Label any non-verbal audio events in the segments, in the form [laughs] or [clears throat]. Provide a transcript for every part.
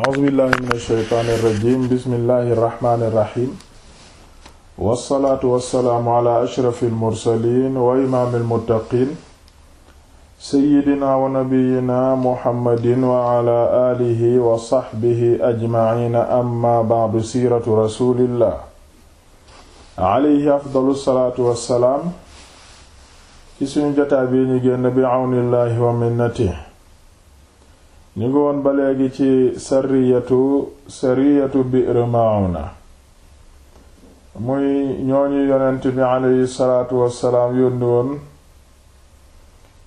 a'uzubillahi min alsheytaani irrajim bismillahi irrahmani irrahim wassalaatu wassalaamu ala ashrafi almursalin wa imaami almuttaqin seyidina wa nabiyina muhammadin wa ala alihi wa saxbihi ajmaciina amma bacdu siiratu rasulillah alayhi afdalu salaatu wassalaam ci suñu jotaa bi ñu génn bi awnillahi wa minnatihi ñu ngi woon ba léegi ci sariyatu sariyatu bi'r ma'una muy ñooñu yonent bi aleyhi salaatu wassalaam yónni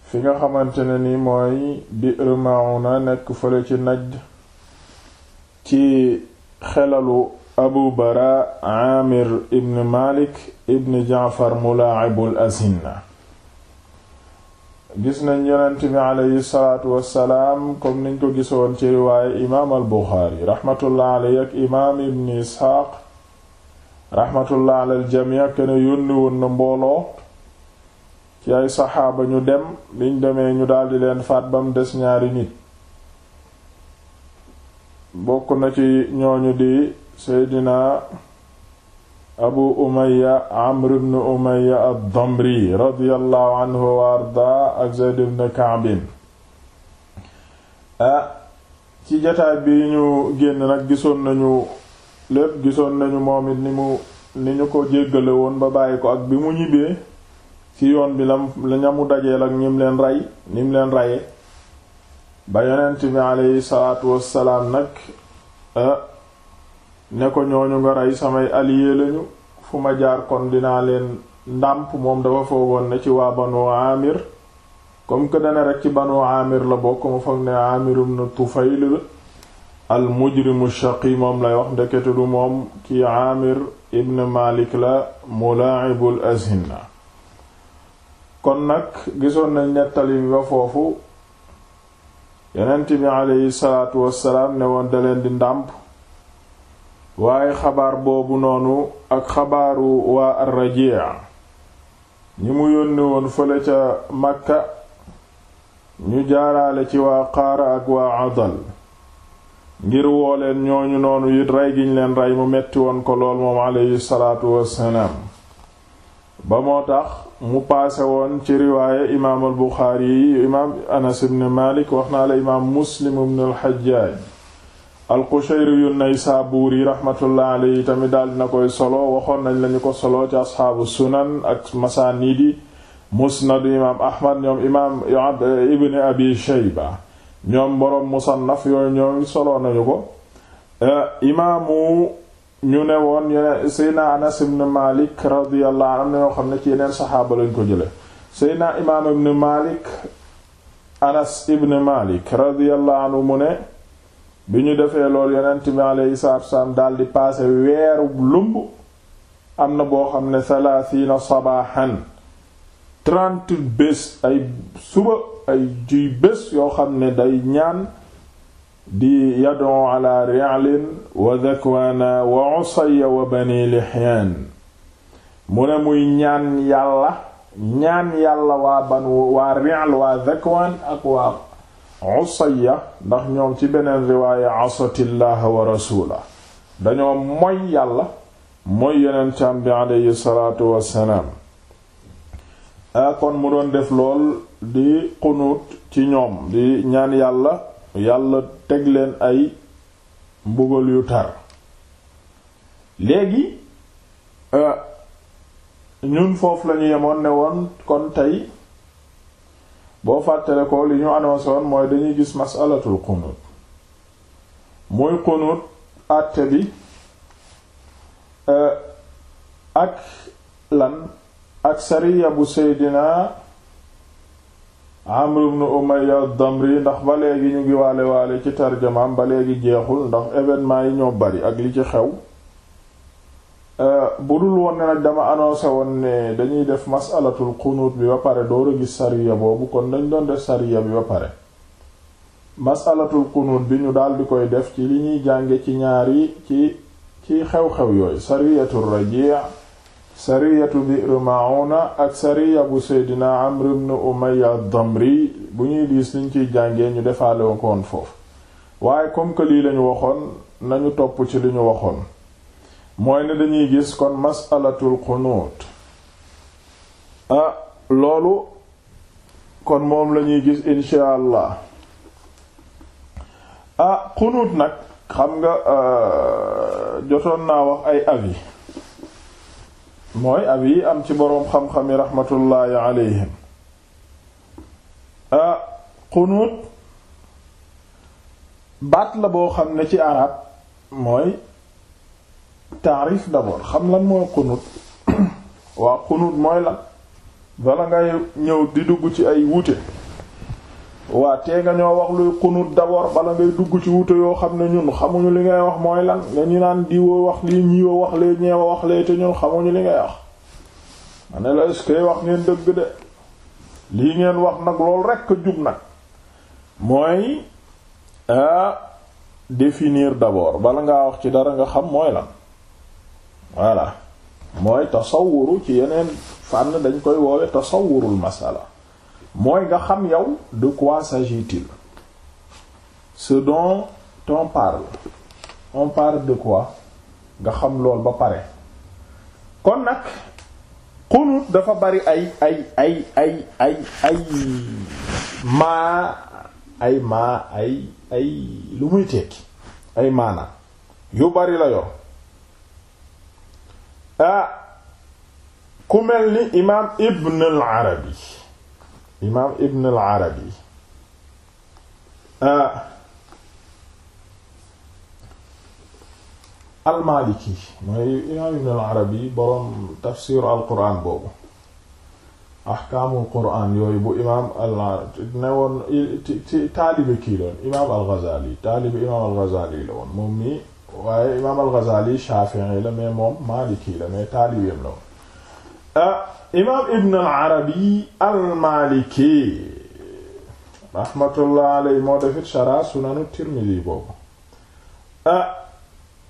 fi nga xamante ne ni mooy bi'r ma'una nekk fële ci najd ci xelalu abu bara amir ibn malik ibn jaafar mulaa'ibul asinna gis nañ yonent bi aleyhi salaatu wassalaam comme niñ ko gisoon ci riwaaye imaam al buxaari raxmatullah aleyhi ak imaam ibn isxaaq raxmatullah alal jamii kenn yónni woon na mbooloo ci ay saxaaba ñu dem liñ demee ñu daldi leen faat bam des ñaari nit bokk na ci ñooñu di seydina abu umaya amr ibn umaya ad-damri radiyallahu anhu wa arda ak zayd ibn kaabin ci jataay bi ñu génn nag gisoon nañu lépp gisoon nañu moom it ni mu ni ñu ko jéggale woon ba bàyyi ko ak bi mu ñibbee ci yoon bi lam ñamu dajeel ak ñim leen ray ñim leen reye ba yonent bi aleyhi salaatu wassalaam nag ne ko ñooñu nga rey samay alliés lañu fu ma jaar kon dinaa leen ndàmp moom dafa foogoon ne ci waa banu amir comme que dana rek ci banu amir la bokk mu foog ne amirum na lay wax ndekete du moom malik la mulaa'ibul azhinna kon nag gisoon nañ nettali bi ba foofu yonent bi aleyhi wassalaam ne woon da leen di ndàmp waaye xabaar boobu noonu ak xabaaru waa arrajiya ñi mu yónnee woon fële ca Makka ñu jaaraale ci waa Qaara ak waa Adal ngir woo leen ñooñu noonu it rey giñ leen rey mu metti woon ko lool moom aleyhi salaatu wassalaam ba moo tax mu paase woon ci riwaaye imaam al Buxaari yi imaam Anas ibn Malik wax naa la imaam Muslim ibn al Hajjaaj alqushayri yu naysaabuuri rahmatullah alayhi tamit daal dina koy solo waxoon nañ lañu ko solo ci asxaabu sunan ak masaaniidi musnadu imaam ahmad ñoom imaam ibn abi shayba ñoom boroom musannaf yooyu ñoom solo nañu ko eh, imaamu ñu ne woon seyna anas ibn malik radiyallahu anhu ñoo xam ne ci yeneen lañ ko jële seyna imaam ibn malik anas ibn malik radiyallahu anhu mu ne bi ñu defee lool yonent bi alayhi salaatu wassalaam daldi paase weeru lumb am na boo xam ne salaasiina sabaaxan trente bés ay suba ay juy bés yoo xam ne day ñaan di yadon ala ri'lin wa dhakwana wa usayya wa bani lihyan mu ne muy ñaan yàlla ñaan yàlla waa ban waa ri'l waa dhakwan ak waa usayya ndax ñoom ci beneen riwaaya asatillaha wa rasula dañoo moy yàlla mooy yonentam bi aleyhi salaatu wassalaam kon mu doon def lool di xunuut ci ñoom di ñaan yàlla yàlla teg leen ay mbugal yu tar léegi ñun foofu lañu yemoon ne woon kon tey boo fàttale ko li ñu annoncé woon mooy dañuy gis masalatul qunut muy qunut àtte bi euh, ak lan ak sariya bu seydina Amr ibn Umayya ad-Damri ndax ba léegi ñu ngi waale waale ci tarjamaam ba léegi jeexul ndax événement yi ñoo bari ak li ci xew Euh, bu dul woon ne nag dama annoncé woon ne dañuy def masalatul xunuut bi ba pare door a gis sariya boobu kon dañ doon def sariya bi ba pare masalatul xunuut bi ñu daal di koy def ci li ñuy jànge ci ñaari ci ci xew-xew yooyu sariyatu raji' sariyatu bi'r ma'una ak sariya bu seydina amr ibn umayya damri bu ñuy diis liñ ciy jàngee ñu defaale ko foofu waaye comme que lii lañu waxoon nañu topp ci li ñu waxoon mooy ne dañuy gis kon masalatul xunuut loolu kon moom lañuy gis insha allah a xunuut nag xam nga euh, jotoon naa wax ay avis mooy avis yi am ci boroom xam-xami raxmatullaahi alayhim ah xunuut baat la boo xam ne ci arab mooy taarif d'abord xam lan mooy xunut [coughs] waaw xunut mooy lan bala ngay ñëw di dugg ci ay wuute waa tee nga ñoo wax luy xunut d'abord bala ngay dugg ci wuute yoo xam ne ñun xamuñu li ngay wax mooy lan nga ñu naan diwoo wax lii ñiiwa wax lee ñeewa wax lee te ñun xamuñu li ngay wax ma ne la est-ce wax ngeen dëgg de lii ngeen wax nag loolu rekk jub nag mooy a ah, définir d'abord bala ngaa wax ci dara nga xam mooy lan voilà mooy tasawuru ci yeneen fànn dañ koy woowe tasawurul masala mooy nga xam yow de quoi s'agit-il ce dont parle on parle de quoi nga xam lool ba pare kon nag xunut dafa bari ay ay ay ay ay ay ay ma ay ay lu muy tekki ay maana yu bari la yor ku mel ni imaam Ibn al Arabi imaam Ibn al Arabi al Maliki mooy Ibn al Arabi borom tafsiru al Qur'an boobu ahkaamul Qur'an yooyu bu imaam al ne woon ci taalibe kii la woon imaam al Ghazali taalibe imaam al Ghazali la woon moom waaye imaam al-Ghazali Shafi'i la mais moom Maliki la mais taalibeem la woon ah, imaam Ibn al-Arabi al-Maliki rahmatullah alayhi moo defit shara sunanu Tirmidhi boobu ah,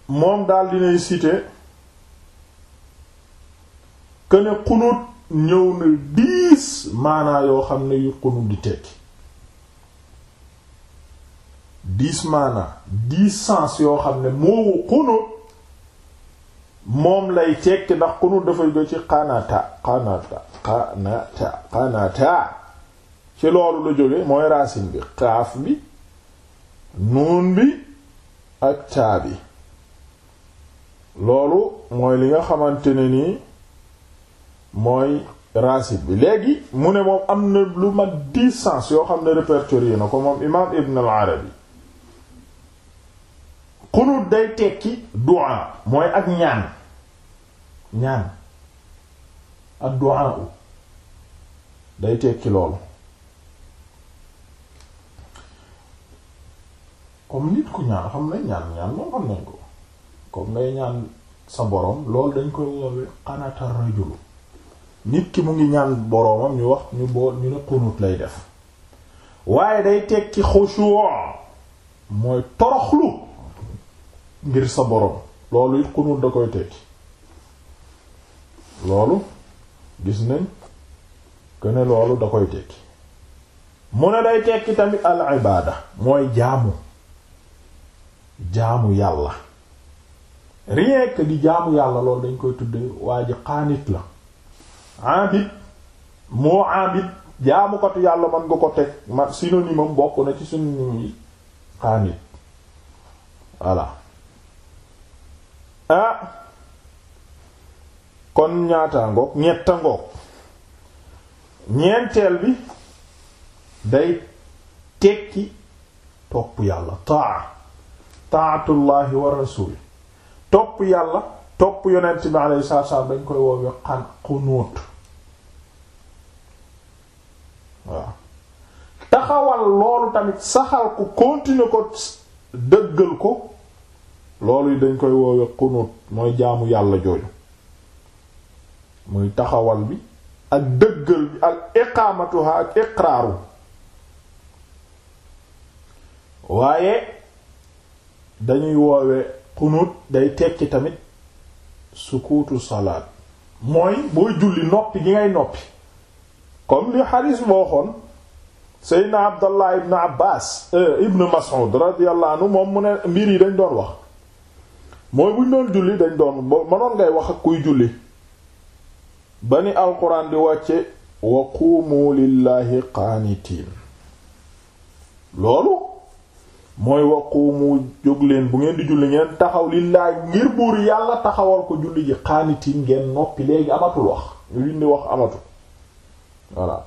moom daal dinay citer que ne ñëw na diis maanaa yoo xam ne yu xunut di tekki dix maana dix sens yoo xam ne moowu xunut moom lay tekki ndax xunut dafay do ci xanata xanata xanata ci loolu la jóge mooy racine bi xaaf bi nuun bi ak taa bi loolu mooy li nga xamante ne nii mooy racine bi léegi mu ne moom am na lu mat dix sens yoo xam ne répertorié na ko moom imaam Ibn al-Arabi xunut day tekki du'a mooy ak ñaan ñaan ak du'a day tekki loolu comme nit ku ñaan xam nañ ñaan ñaan moom xam nañ ko comme ngay ñaan sa boroom loolu dañ koy woowe qanatar rajulu nit ki mu ngi ñaan boroomam ñu wax ñu bool ñu ne qunut lay def waaye day tekki xushu' mooy toroxlu ngir sa borom loolu it xunut da koy tekki loolu gis nañ que loolu da koy tekki mu ne day tekki tamit al ibaada mooy jaamu jaamu yàlla rien di jaamu yàlla loolu dañ koy tuddee waa ji xaanit la abid moo abid jaamukatu yàlla mën nga ko teg ma synonyme am bokk na ci suñu yi xaanit voilà ah kon ñaata ngoog ñetta ngoog ñeenteel bi day tekki topp yàlla taa taatullahi wa rasuli topp yàlla topp yonent bi alayhi saa salaam dañ koy woowe xan xunuut waaw taxawal loolu tamit saxal ko continuer ko dëggal ko loolu yi dañ koy woowe xunut mooy jaamu yàlla jooju muy taxawal bi ak dëggal bi ak iqaamatuha ak iqraaru waaye dañuy woowe xunut day tekki tamit sukuutu salaat mooy booy julli noppi gi ngay noppi kon li xaris boo xoon seydna abdallah ibn abbas euh, ibn mas'ud radiyallahu anhu moom mu ne mbir yi dañ doon wax mooy buñ doon julli dañ doon mënoon ngay wax ak kuy julli ba ni alquran di wàcce wa quumu lillaahi qaanitiin loolu mooy wa quumu leen bu ngeen di julli ngeen taxaw lillaahi ngir buur yàlla taxawal ko julli ji qaanitiin ngeen noppi léegi amatul wax ñu lindi wax amatul voilà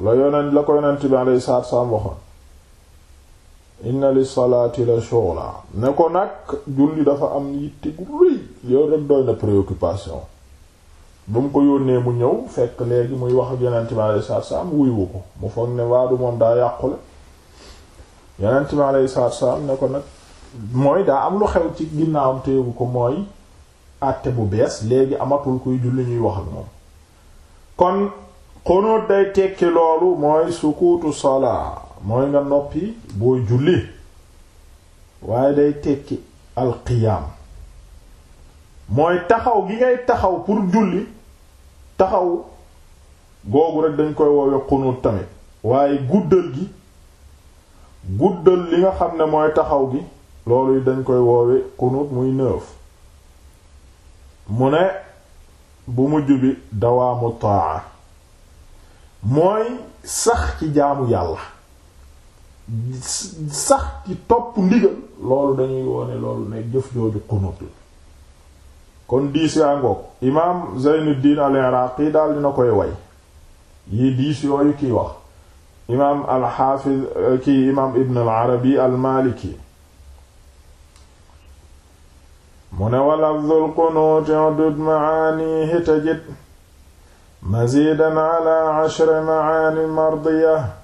la yonent la ko yonent bi alayhi salaatu wa salaam inna li salaati la shola ne ko nag julli dafa am yitte gu rëy yow rek doy na préoccupation ba mu ko yónnee mu ñëw fekk léegi muy wax ak yonent bi alayhi salaatu salaam wuyu ko mu foog ne waadu moom daa yàqule yonent bi alayhi salaatu salaam ne ko nag mooy daa am lu xew ci ginnaawam téegu ko mooy àtte bu bees léegi amatul kuy julli ñuy wax ak moom kon xonóot day tekki loolu mooy sukuutu salaa mooy nga noppi booy julli waaye day tekki alqiyaam mooy taxaw gi ngay taxaw pour julli taxaw googu rek dañ koy woowe xunuut tamit waaye guddal gi guddal li nga xam ne mooy taxaw gi loolu yi dañ koy woowe xunuut muy neuf mu ne bu mujj bi dawaamu taa mooy sax ci jaamu yàlla sax ci topp ndigal loolu dañuy wone loolu ne jëf jooju xunut kon diis yaa ngoog imaam Zaynuddin al-Iraqi daal dina koy way yi diis yooyu kiy wax imaam al-Hafiz ki imaam Ibn al-Arabi al-Maliki mu ne wala dhul qunut yudud maanihi tajid mazidan ala ashri maani mardiya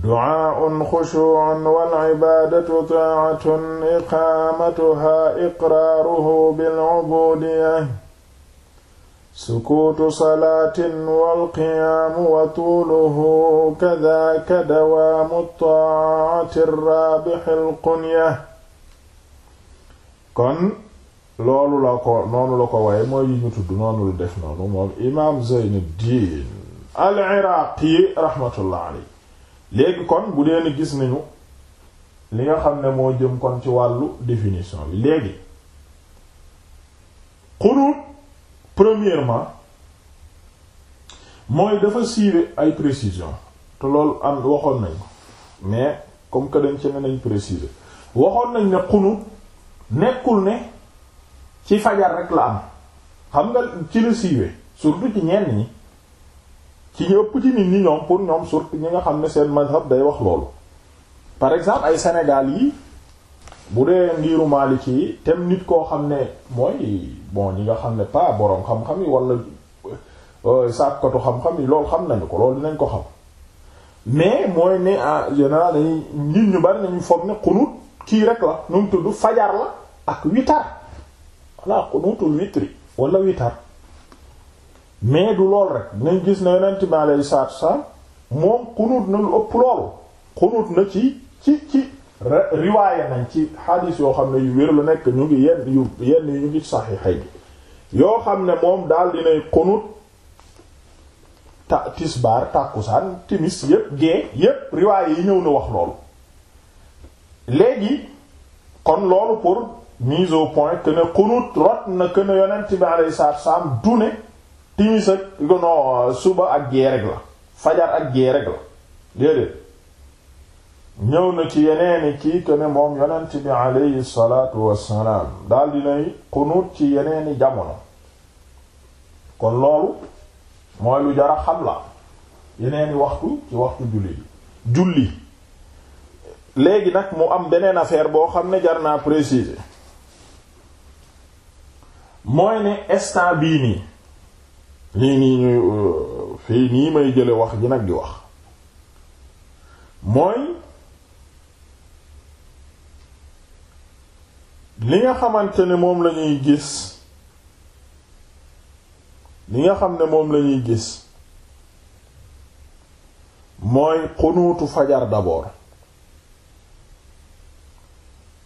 du'aa'un xushuu'un wal cibaadatu taa'atun iqaamatuhaa iqraaruhu bil cubuudiyya sukuutu salaatin wal qiyaamu wa tuuluhu kadaaka dawaamu taa'ati raabixil qunya kon loolu la ko noonu la ko waaye mooy yi ñu tudd noonu la def noonu moom imaam Zeynuddiin al Iraaqi raxmatullahi alayhi léegi kon bu dee gis nañu li nga xam ne moo jëm kon ci wàllu définition bi léegi xunuut premièrement mooy dafa siiwe ay précision te loolu am waxoon nañ ko mais comme que dañ ci ne nañ préciser waxoon nañ ne xunuut nekkul ne ci fajar rek la am xam nga ci la siiwe surtout ci ñenn ñi ci ñëpp ci nit ñi ñoom pour ñoom surtout ñi nga xam ne seen mazhab day wax loolu par exemple ay Sénégal yi bu dee ngiru Maliki yi tem nit koo xam ne mooy bon ñi nga xam ne pas boroom xam-xam yi wala euh, sàkkatu xam-xam yi lool xam nañu ko loolu dinañ ko xam mais mooy ne en général dañuy nit ñu bari nañu foog ne xunut kii rek la nu mu tudd fajar la ak witar walla xunutul witri wala witar mais du lool rek nañ gis ne yonent bi alayhi salaatu wasalaam moom xunuut na lu ëpp loolu xunuut na ci ci ci riwaaya nañ ci xadiis yoo xam ne yu wér la nekk ñu ngi yenn yu yenn yu ñu ngi saxiixay bi yoo xam ne moom daal dinay xunuut ta tisbaar tàkkusaan timis yépp gee yépp riwaaya yi ñëw na wax loolu léegi kon loolu pour mise au point que ne rot na que yonent bi alayhi salaatu wasalaam du ne timis ak non suba ak gee rek la fajar ak gee la déedéet ñëw na ci yeneeni kii que ne moom yonent bi aleyhi salaatu wassalaam daal dinay xunuut ci yeneeni jamono kon loolu mooy lu jara xam la yeneeni waxtu ci waxtu julli julli léegi nag mu am beneen affaire boo xam ne jar naa préciser mooy ne instant bii nii nii nii ñuy euh, fii nii may jële wax ji nag di wax mooy li nga xamante ne moom lañuy gis li nga xam ne moom lañuy gis mooy xunuutu fajar d'abord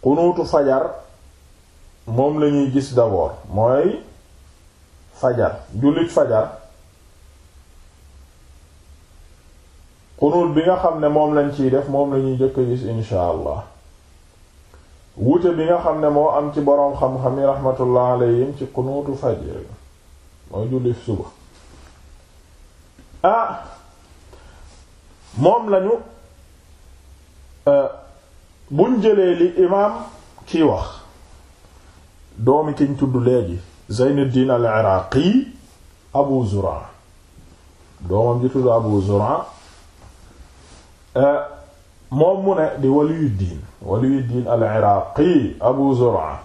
xunuutu fajar moom lañuy gis d'abord mooy fajar jullit fajar xunut bi nga xam ne moom lañ ciy def moom lañuy jëkk gis insha allah wuute bi nga xam ne moo am ci boroom xam-xam yi raxmatullah alayhim ci xunutu fajr mooy julli suba ah, moom lañu euh, buñ jëlee li imaam kiy wax doomi kiñ tudd léegi Zeynuddin al-Iraqi Abu Zur'a doomam ji tudd Abu Zur'a eh, moom mu ne di Waliyuddin Waliyuddin al-Iraqi Abu Zur'a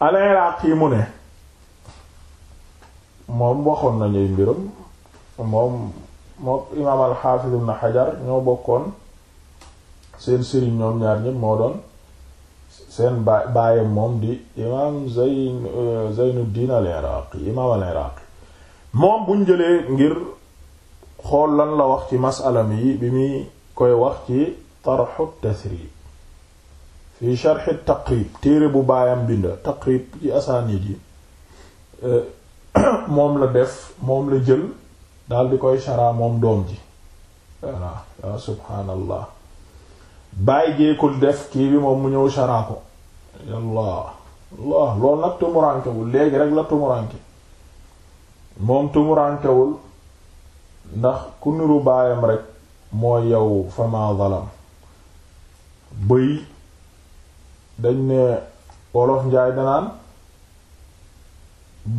al-Iraqi mu ne moom waxoon nañuy mbiram moom moom imaam al-Hafiz ibn Hajar ñoo bokkoon seen sëriñ ñoom ñaar ñépp moo doon seen baay baayam moom di imaam Zayn euh, Zaynuddin al-Iraqi imaam al-Iraqi moom buñ jëlee ngir xool lan la wax ci masala yi bi muy koy wax ci tarxu tasrib fi sharxi taqrib téere bu baayam bind taqrib ci asaanid yi euh, [coughs] moom la def moom la jël daal di koy sharaa moom doom ji voilà ya subhaanallah bàyyi jéekul def kii bi moom mu ñëw sharaa ko yàlla allah loolu nag tumurankewul léegi rek la tumuranke moom tumurankewul ndax ku niru baayam rek mooy yow fama zalam bëy dañ ne wolof njaay danaan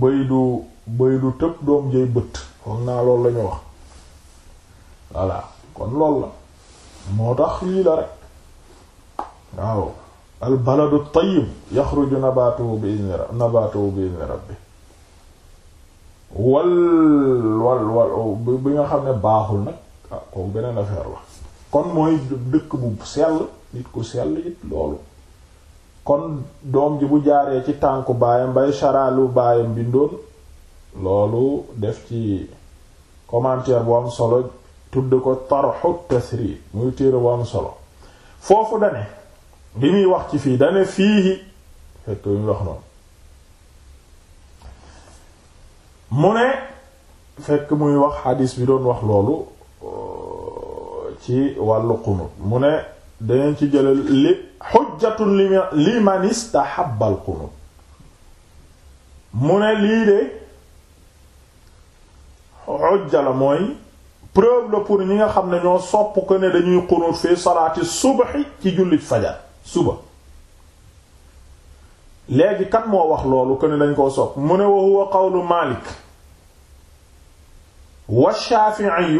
bëy du bëy du tëb doom jëy bët foog naa loolu lañu wax voilà kon loolu la moo tax lii la rek waaw al baladu tayyib yaxruju nabaatuhu bi izni rabbi nabaatuhu bi izni rabbi wal wal wal bi nga xam ne baaxul nag ah kooku beneen affaire la kon mooy dëkk bu sell nit ku sell it loolu kon doom ji bu jaaree ci tànku baayam bay sharaalu baayam bindoon loolu def ci commentaire bu am solo tudd ko tarxu tasri muy téere bu am solo foofu dane bi muy wax ci fii dane fii fekk bi muy wax noonu mu ne fekk muy wax xadiis bi doon wax loolu euh, ci wàllu qunut mu ne danañ ci jële li xujjatun liman istahabba al qunut mu ne lii de xujja la mooy preuve la pour ñi nga xam ne ñoo sopp ko ne dañuy qunut fi salaati subhi ci jullit fajar suba léegi kan moo wax loolu ko ni dañ koo sopp mu ne wa huwa qawlu Maalik wa Shaafi'i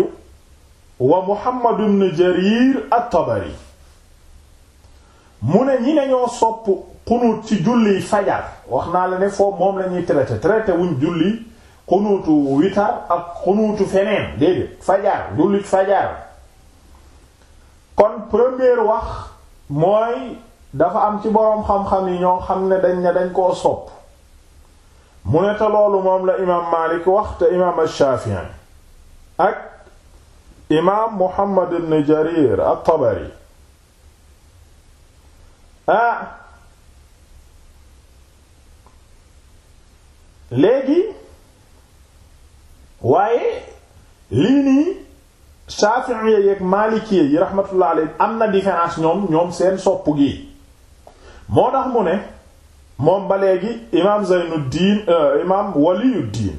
wa Muhammad ibn Jarir at-Tabari mu ne ñi ne ñoo sopp xunuut ci julliy fajar wax naa la ne foofu moom la ñuy traité traité wuñ julli xunuutu witar ak xunuutu feneen déedéet fajar julli fajar kon première wax mooy dafa am ci boroom xam-xam yi ñoo xam ne dañ ne dañ koo sopp mu ne te loolu moom la imaam Maalik wax te imaam Shaafi'i ak imaam Muhammad ibn Jarir at-Tabari ah léegi waaye lii nii Shafi'i yeeg Maliki yi rahmatullah alayhi am na différence ñoom ñoom seen sopp gi moo tax mu ne moom ba léegi imaam Zaynuddin euh, imaam Waliyuddin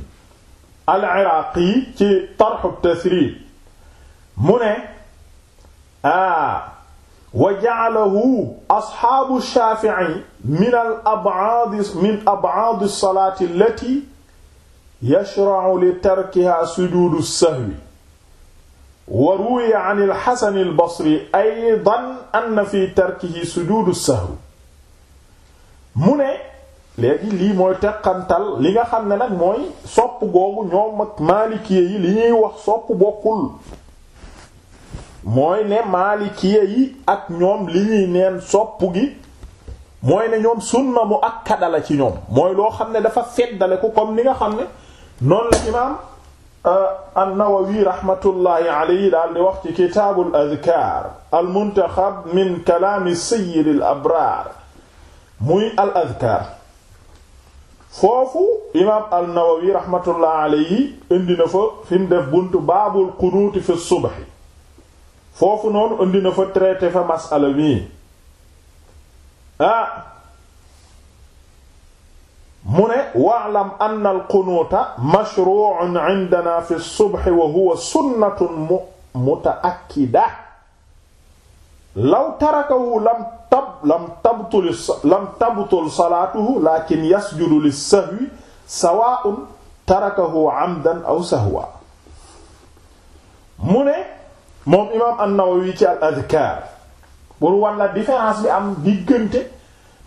al-Iraqi ci Tarhu Tasrib mu ne ah wa ja'alahu asxaabu Shafi'i min al-ab'ad min ab'ad as-salati allati yashra'u li tarkiha sujudu as-sahwi wa ruwiya an al-Hasan al-Basri aydan anna fi tarkihi sujuudu sahwi mu ne léegi lii mooy teqantal li nga xam ne nag mooy sopp googu ñoom ak maalikiye yi li ñuy wax sopp bokkul mooy ne maalikiye yi ak ñoom li ñuy neen sopp gi mooy ne ñoom sunna mu akkada la ci ñoom mooy loo xam ne dafa feddale ko comme li nga xam ne noonu la imaam Euh, an-Nawawi rahmatullahi alayhi daal di wax ci kitaabul adkaar al-muntaxab min kalaami sayyidil abraar muy al adkaar foofu imaam an-Nawawi rahmatullahi alayhi indi na fa fi mu def buntu baabul qunuut fi subhi foofu noonu indi na fa traité fa mas'ala mi ah. mu ne waalam ann alqunuuta mashruun indana fi subxi wa huwa sunnatun mutaakkida law tarakahu lam tab lam tabtul lam tabtul salaatuhu lakin yasjudu lissahwi sawaa'un tarakahu amdan aw sahwa mu ne moom imaam an-Nawawi ci al adkaar pour walla différence bi am diggante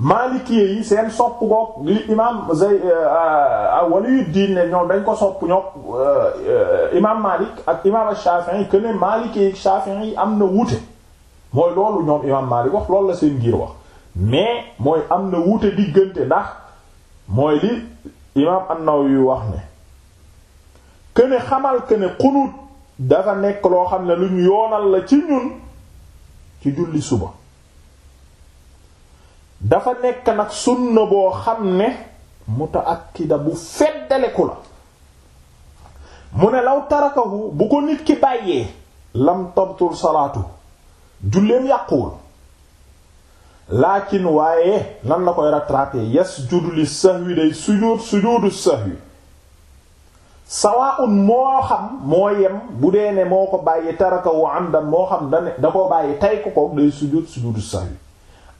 maalikee yi seen sopp goog li imaam zay euh, euh, waliyuddin ne ñoom dañ ko sopp ñoom euh, imaam Maalik ak imaam Shaafi'i que ne maalikee yi Shaafi'i yi am na wuute mooy loolu ñoom imaam Maalik wax loolu la seen ngir wax mais mooy am na wuute diggante ndax mooy li imaam An-Nawawi wax ne que xamal que ne xunuut dafa nekk loo xam ne lu ñu yoonal la ci ñun ci julli suba. dafa nekk nag sunna boo xam ne ak mutaakkida bu feddaleku la mu ne law tarakahu bu ko nit ki bàyyee lam tabtul salaatu julleem yàquwul laakin waaye lan la koy rattraper yasjudu li sahwi day sujuud sujuudu sahwi sawaa'un moo xam moo yem bu dee ne moo ko bàyyi tarakahu amdan moo xam da ne da koo bàyyi tay ko ko day sujuud sujuudu sahwi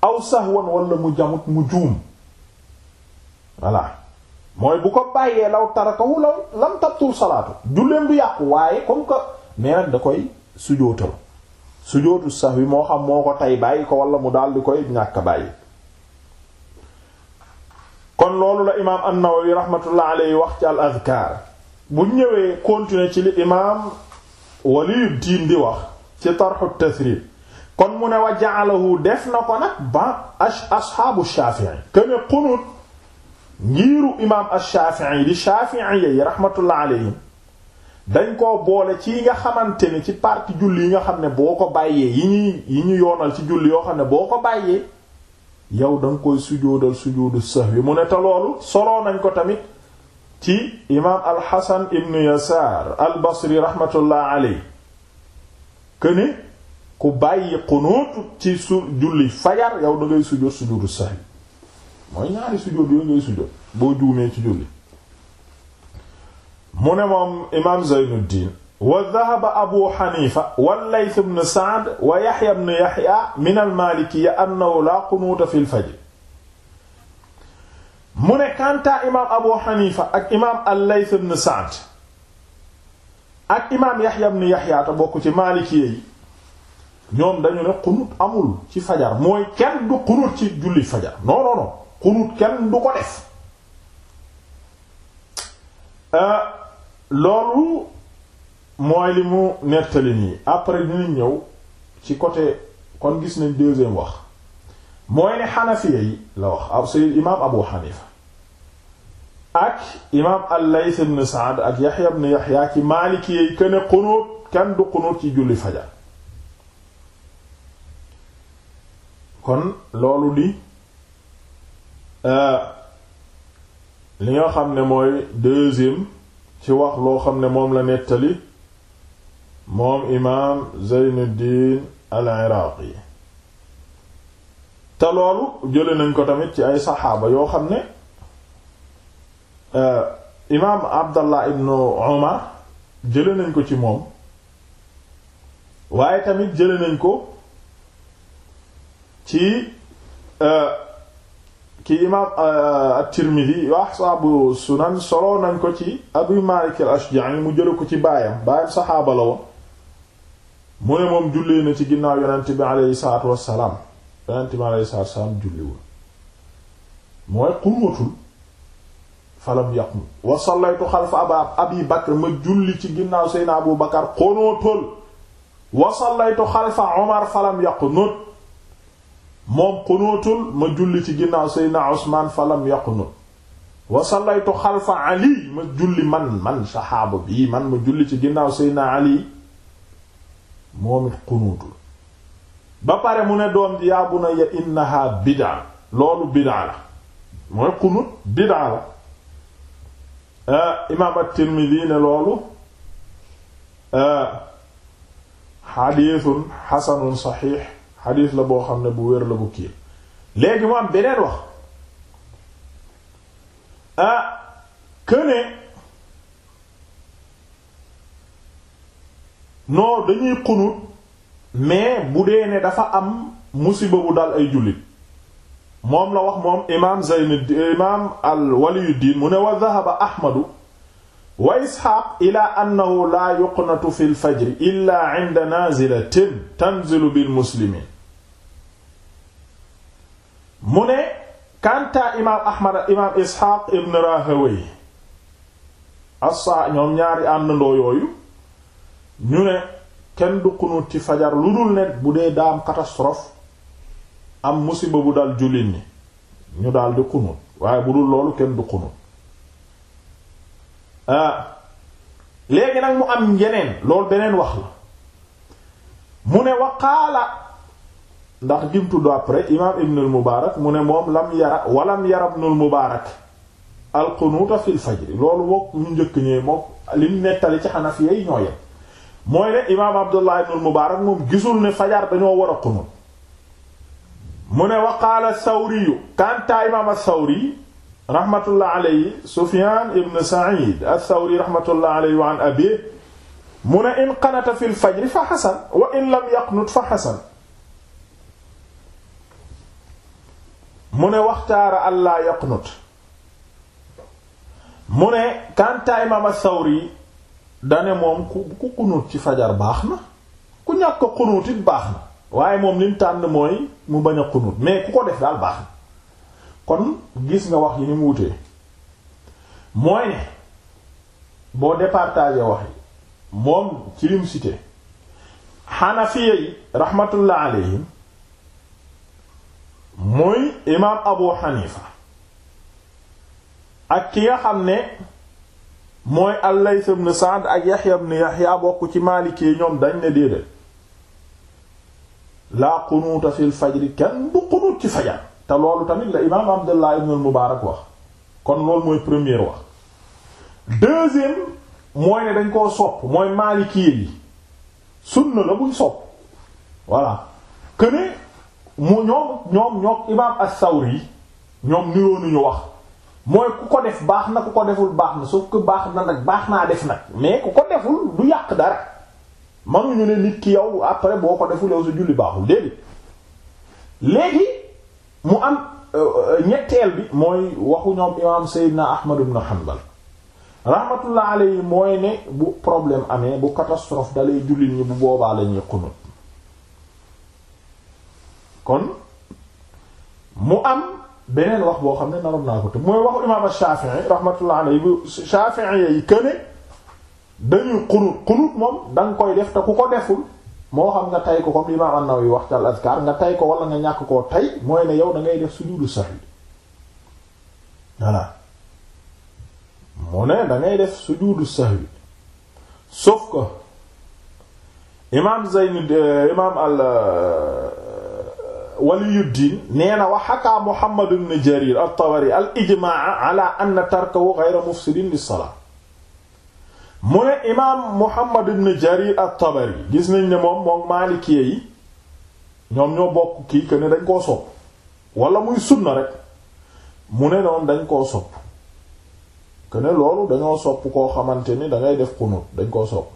aw sahwan wala mu jamut mu juum voilà mooy bu ko bàyyee law tarakahu law lam tabtul salaatu julleem du yàqu waaye comme que mais nag da koy sujootal sujootu sax wi moo xam moo ko tay bàyyi ko wala mu daal di koy ñàkk bàyyi kon loolu la imaam an-Nawawi rahmatullah wax ci al azkaar bu ñëwee continuer ci li imaam Waliyuddin di wax ci tarxu tasrib kon mu ne wa ja'alahu def na ko nag ba ashaabu Shafi'i kene qunut ngiiru imaam ash-Shafi'i di Shafi'i yi rahmatullah alayhim dañ koo boole ci yi nga xamante ne ci partie julli yi nga xam ne boo ko bàyyee yi ñuy yi ñu yoonal ci julli yoo xam ne boo ko bàyyee yow da nga koy sujoodal sujoodu sahwi mu ne te loolu soloo nañ ko tamit ci imaam al-Hasan ibn Yasaar al-Basri rahmatullah alayhi kene ku bàyyi xunuut ci su julli fajar yow da ngay sujjóot sujjóotu sahi mooy ñaari sujjóot yooyu ngay sujjóot boo juumee ci julli mu ne moom imaam Zaynuddin wa dhahaba abu xanifa wallayth ibn saad wa yaxya ibn yaxya min almalikiya annahu laa xunuuta fi lfajr mu ne kantaa imaam abu xanifa ak imaam allayth ibn saad ak imaam yaxya ibn yaxya te bokk ci malikiya yi ñoom dañu ne xunut amul ci fajar mooy kenn du xunut ci julli fajar non non non kenn du ko def euh, loolu mooy li mu nettali nii après dinañ ñëw ci côté kon gis nañ deuxième wax mooy ne xanafiya yi la wax ah, sayyid imaam abu xanifa ak imaam al-layth ibn sa'd ak yaxya ibn yaxya ci maaliki yi ne xunut kenn du xunut ci julli fajar kon loolu di euh, li nga xam ne mooy deuxième ci wax loo xam ne moom la nettali moom imaam Zeynuddin al-Iraqi te loolu jële nañ ko tamit ci ay saxaaba yoo xam ne euh, imaam Abdallah ibn Umar jële nañ ko ci moom waaye tamit jële nañ ko ci euh, ki imaam euh, at-Tirmidhi wa ashaabu sunan soloo nañ ko ci Abu Malik al-Ashja'i mu jël ko ci baayam baayam saxaaba la woon mu ne moom jullee na ci ginnaaw yonent bi aleyhi salaatu wassalaam yonent bi aleyhi salaatu wassalaam julliwul mooy qummatul falam yaqum wa sallaytu xalfa abi bakr ma julli ci ginnaaw seyna Abu Bakar qunootul wa xalfa Umar falam yaqunut moom xunuutul ma julli ci ginnaaw seydna Usmaan falam yaqnut wa sallaytu xalfa Ali ma julli man man saxaaba bii man ma julli ci ginnaaw seydna Ali moom it xunuutul ba pare mu ne doom ji yaa bunayya innaha bid'a loolu bid'a la mooy xunut bid'a la euh, imaam at-Tirmidhi ne loolu euh, xadiisun xasanun saxiix xadiis la boo xam ne bu wér la bu kii léegi mu am beneen wax a ah, këne non dañuy xunut mais bu dee ne dafa am musiba bu dal ay jullit moom la wax moom imaam Zayn imaam al waliyuddin mu ne wa dhahaba ahmadu wa isxaaq ila annahu laa yuqnatu fi lfajri illa inda nazilatin tanzilu bil muslimin mu ne kanta imaam ahmad imaam isxaaq ibn rahawey assa ñoom ñaari àndandoo yooyu ñu ne kenn du xunuut ci fajar lu dul ne bu dee daam catastrophe am musiba bu dal jullit ni ñu daal di xunuut waaye bu dul loolu kenn du xunuut ah, léegi nag mu am yeneen lool beneen wax la mu ne waqaala ndax dim tudd après imaam ibnul mubaarak mu ne moom lam yara walam yara ibnul mubaarak al loolu mook ñu njëkk ñee mook lim nettali ci xanafi yi ñoo yem mooy ne imaam abdullah ibnul mubaarak moom gisul fajar dañoo war a qunut mu ne wa qaala sawriyu kantaa rahmatullah alayhi sufyaan abi mu in qanata fil fajri fa xasan wa in lam yaqnut fa xasan mu ne waxtaara allah yaqnut mu ne kantaa imaam as-Sawri dane moom ku ku xunut ci fajar baax na ku ñàkk ko baax na waaye moom lim tànn mooy mu bañ a xunut mais ku ko def daal baax na kon gis nga wax yi ni mu wutee mooy ne boo départager wax yi moom ci lim xana fi yi rahmatullah alayhim muy imaam Abu Hanifa ak ki nga xam ne mooy al-Layth ibn Sa'd ak Yahya ibn Yahya bokk ci Maliki ñoom dañ ne déedéet laa qunuuta fil fajri kenn du qunuut ci fajar te loolu tamit la imaam Abdullah ibn al-Mubarak wax kon loolu mooy première wax deuxième mooy ne dañ koo sopp mooy Maliki yi sunna la buñ sopp voilà que mu ñoom ñoom ñoom imaam as-Sawri ñoom niroo ñu wax mooy ku ko def baax na ku ko deful baax na sauf que baax na nag baax naa def nag mais ku ko deful du yàq dara mënuñu ne nit ki yow après boo ko deful yow sa julli baaxul déedéet léegi mu am euh, euh, ñetteel bi mooy waxu ñoom imaam Seydina Ahmad ibn Hanbal rahmatullah alayhi mooy ne bu problème amee bu catastrophe dalay jullit ñi bu boobaa lañuy xunut kon mu am beneen wax boo xam ne naroon naa ko te mooy waxu imaam Shafi'i rahmatullah alayhi bu Shafi'i yi këne dañuy qunut qunut moom da koy def te ku ko deful moo xam nga tey ko ko li imaam An-Nawawi wax ci al-Azkar nga tay ko wala nga ñàkk koo tey mooy ne yow da ngay def sujudu sahwi voilà mu ne da def sujudu sahwi sauf que imaam Zayn imaam al waliyuddin nee na wa xakaa Muhammad ibn Jarir at-Tabari al ijmaa ala anna tarkahu ghayra mufsidin lis-salaa mu ne imaam Muhammad ibn Jarir at-Tabari gis nañ ne moom moom maalikee yi ñoom ñoo bokk kii que dañ koo sopp wala muy sunna rek mu ne noonu dañ koo sopp que loolu dañoo sopp koo xamante ni dangay def xunut dañ koo sopp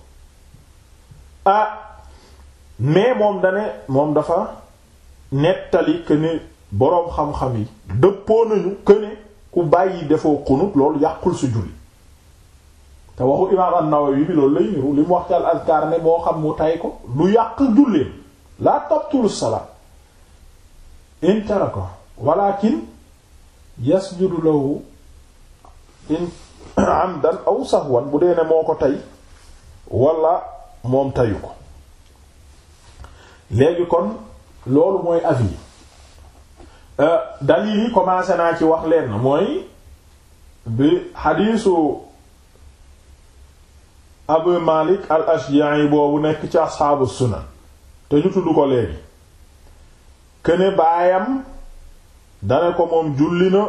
ah mais moom dane moom dafa nettali que ne boroom xam-xam yi dëppoo nañu que ku bàyyi defoo xunut loolu yàqul su julli te waxu imaam an-Nawawi bi loolu lay niru li mu wax moo xam mu tay ko lu yàq julleem la tabtul salaat walla taraka walakin yasjudu lahu in [coughs] amdan aw sahwan bu dee ne moo ko tey wala moom teyu ko léegi kon loolu mooy avis yi euh, dalil commencé naa ci wax leen mooy bi xadiisu abu malik al ashja'i boobu nekk ci asxaabu sunan te ñu tudd ko léegi këne baayam dane ko moom julli na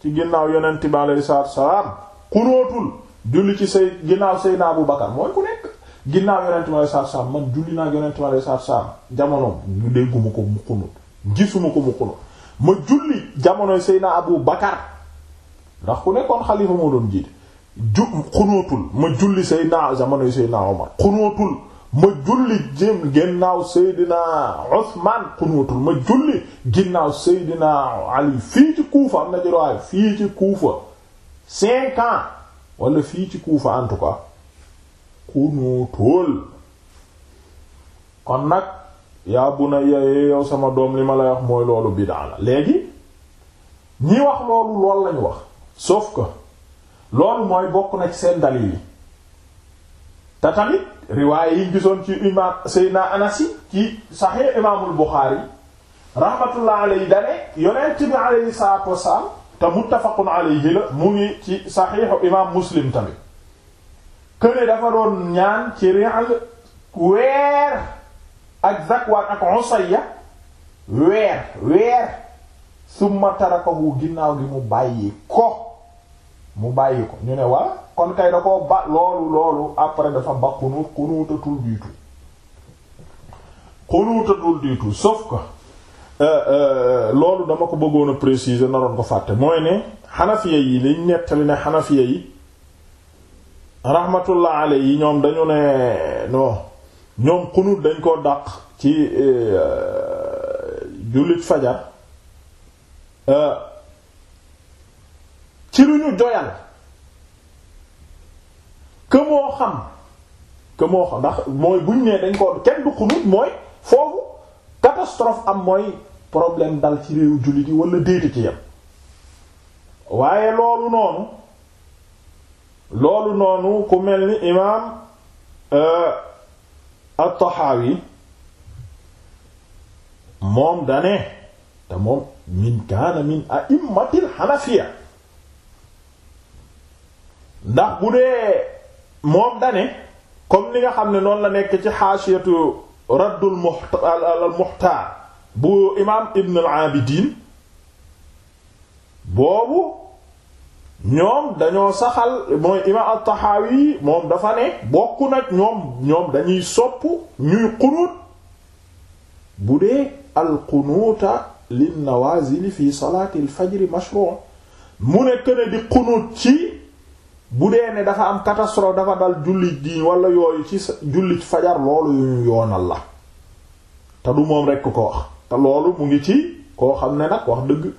ci ginnaaw yonent bi aleyhi salaatu salaam xunóotul julli ci say ginnaaw Seydina bu Bakar mooy ku nekk ginnaaw yonent bi alei satu salaam man julli naa yonent bi alei satu salaam jamonoom ñu dégguma ko mu xunut gisuma ko mu xunut ma julli jamonoy Seydina Abu Bakar ndax ku nekkoon xalifa moo doon jiite ju xunóotul ma julli Seydina jamonoy Seydina Omar xunóotul ma julli ginnaaw Seydina Ali fii ci Kuufa am na jërowaay fii ci Kuufa cinq ans wala fii ci Kuufa en tout cas xunuutul kon nag yaa bu na yaye eh, yow sama doom li ma lay wax mooy loolu bidaa la léegi ñi wax loolu lool lañu wax sauf ko loolu mooy bokk na ci seen dalil yi te tamit riwaaye yi gisoon ci imaam Seydina Anas ci Sahih imaamul Buxaari rahmatullah alayhi dane yonent bi alayhi salaatu wasalaam te muttafaqun alayhi la mu ngi ci Sahih imaam Muslim tamit këne dafa doon ñaan ci Ri'l weer ak Zakwaan ak Usayya weer weer summa tarakahu ginnaaw gi mu bàyyi ko mu bàyyi ko ñu ne waa kon kay da koo ba loolu loolu après dafa ba xunuut xunuutatul du tout xunuutatul du tout sauf euh, euh, loolu dama ko bëggoon a préciser naroon ko fàtte mooy ne xanafiya yi liñ nettali ne xanafiya yi rahmatullah yi ñoom dañu ne non ñoom xunut dañ ko dàq ci e, jullit fajar e, ci lu ñu joyal que moo xam que moo xam ndax mooy buñ nee dañ ko kenn du xunut mooy foofu catastrophe am mooy problème dal ci réew jullit yi wala déedéet ci yam waaye loolu noonu loolu noonu ku mel ni imaam euh, at-Tahawi moom dane te moom min kaana min a'immatil hanafiya ndax bu dee moom dane comme ni nga xam ne noonu la nekk ci xaasiyatu raddul muxtaar bu imaam ibn al-Abidin boobu ñoom dañoo saxal mooy imaam at moom dafa ne bokk nag ñoom ñoom dañuy sopp ñuy xunuut bu dee al-qunuuta lin-nawaazil fi salaati al-fajr mu ne këne di xunuut ci bu dee ne dafa am catastrophe dafa dal jullit di wala yooyu ci jullit fajar loolu yu ñu yoonal la te du moom rekk ko wax te loolu mu ngi ci koo xam ne nag wax dëgg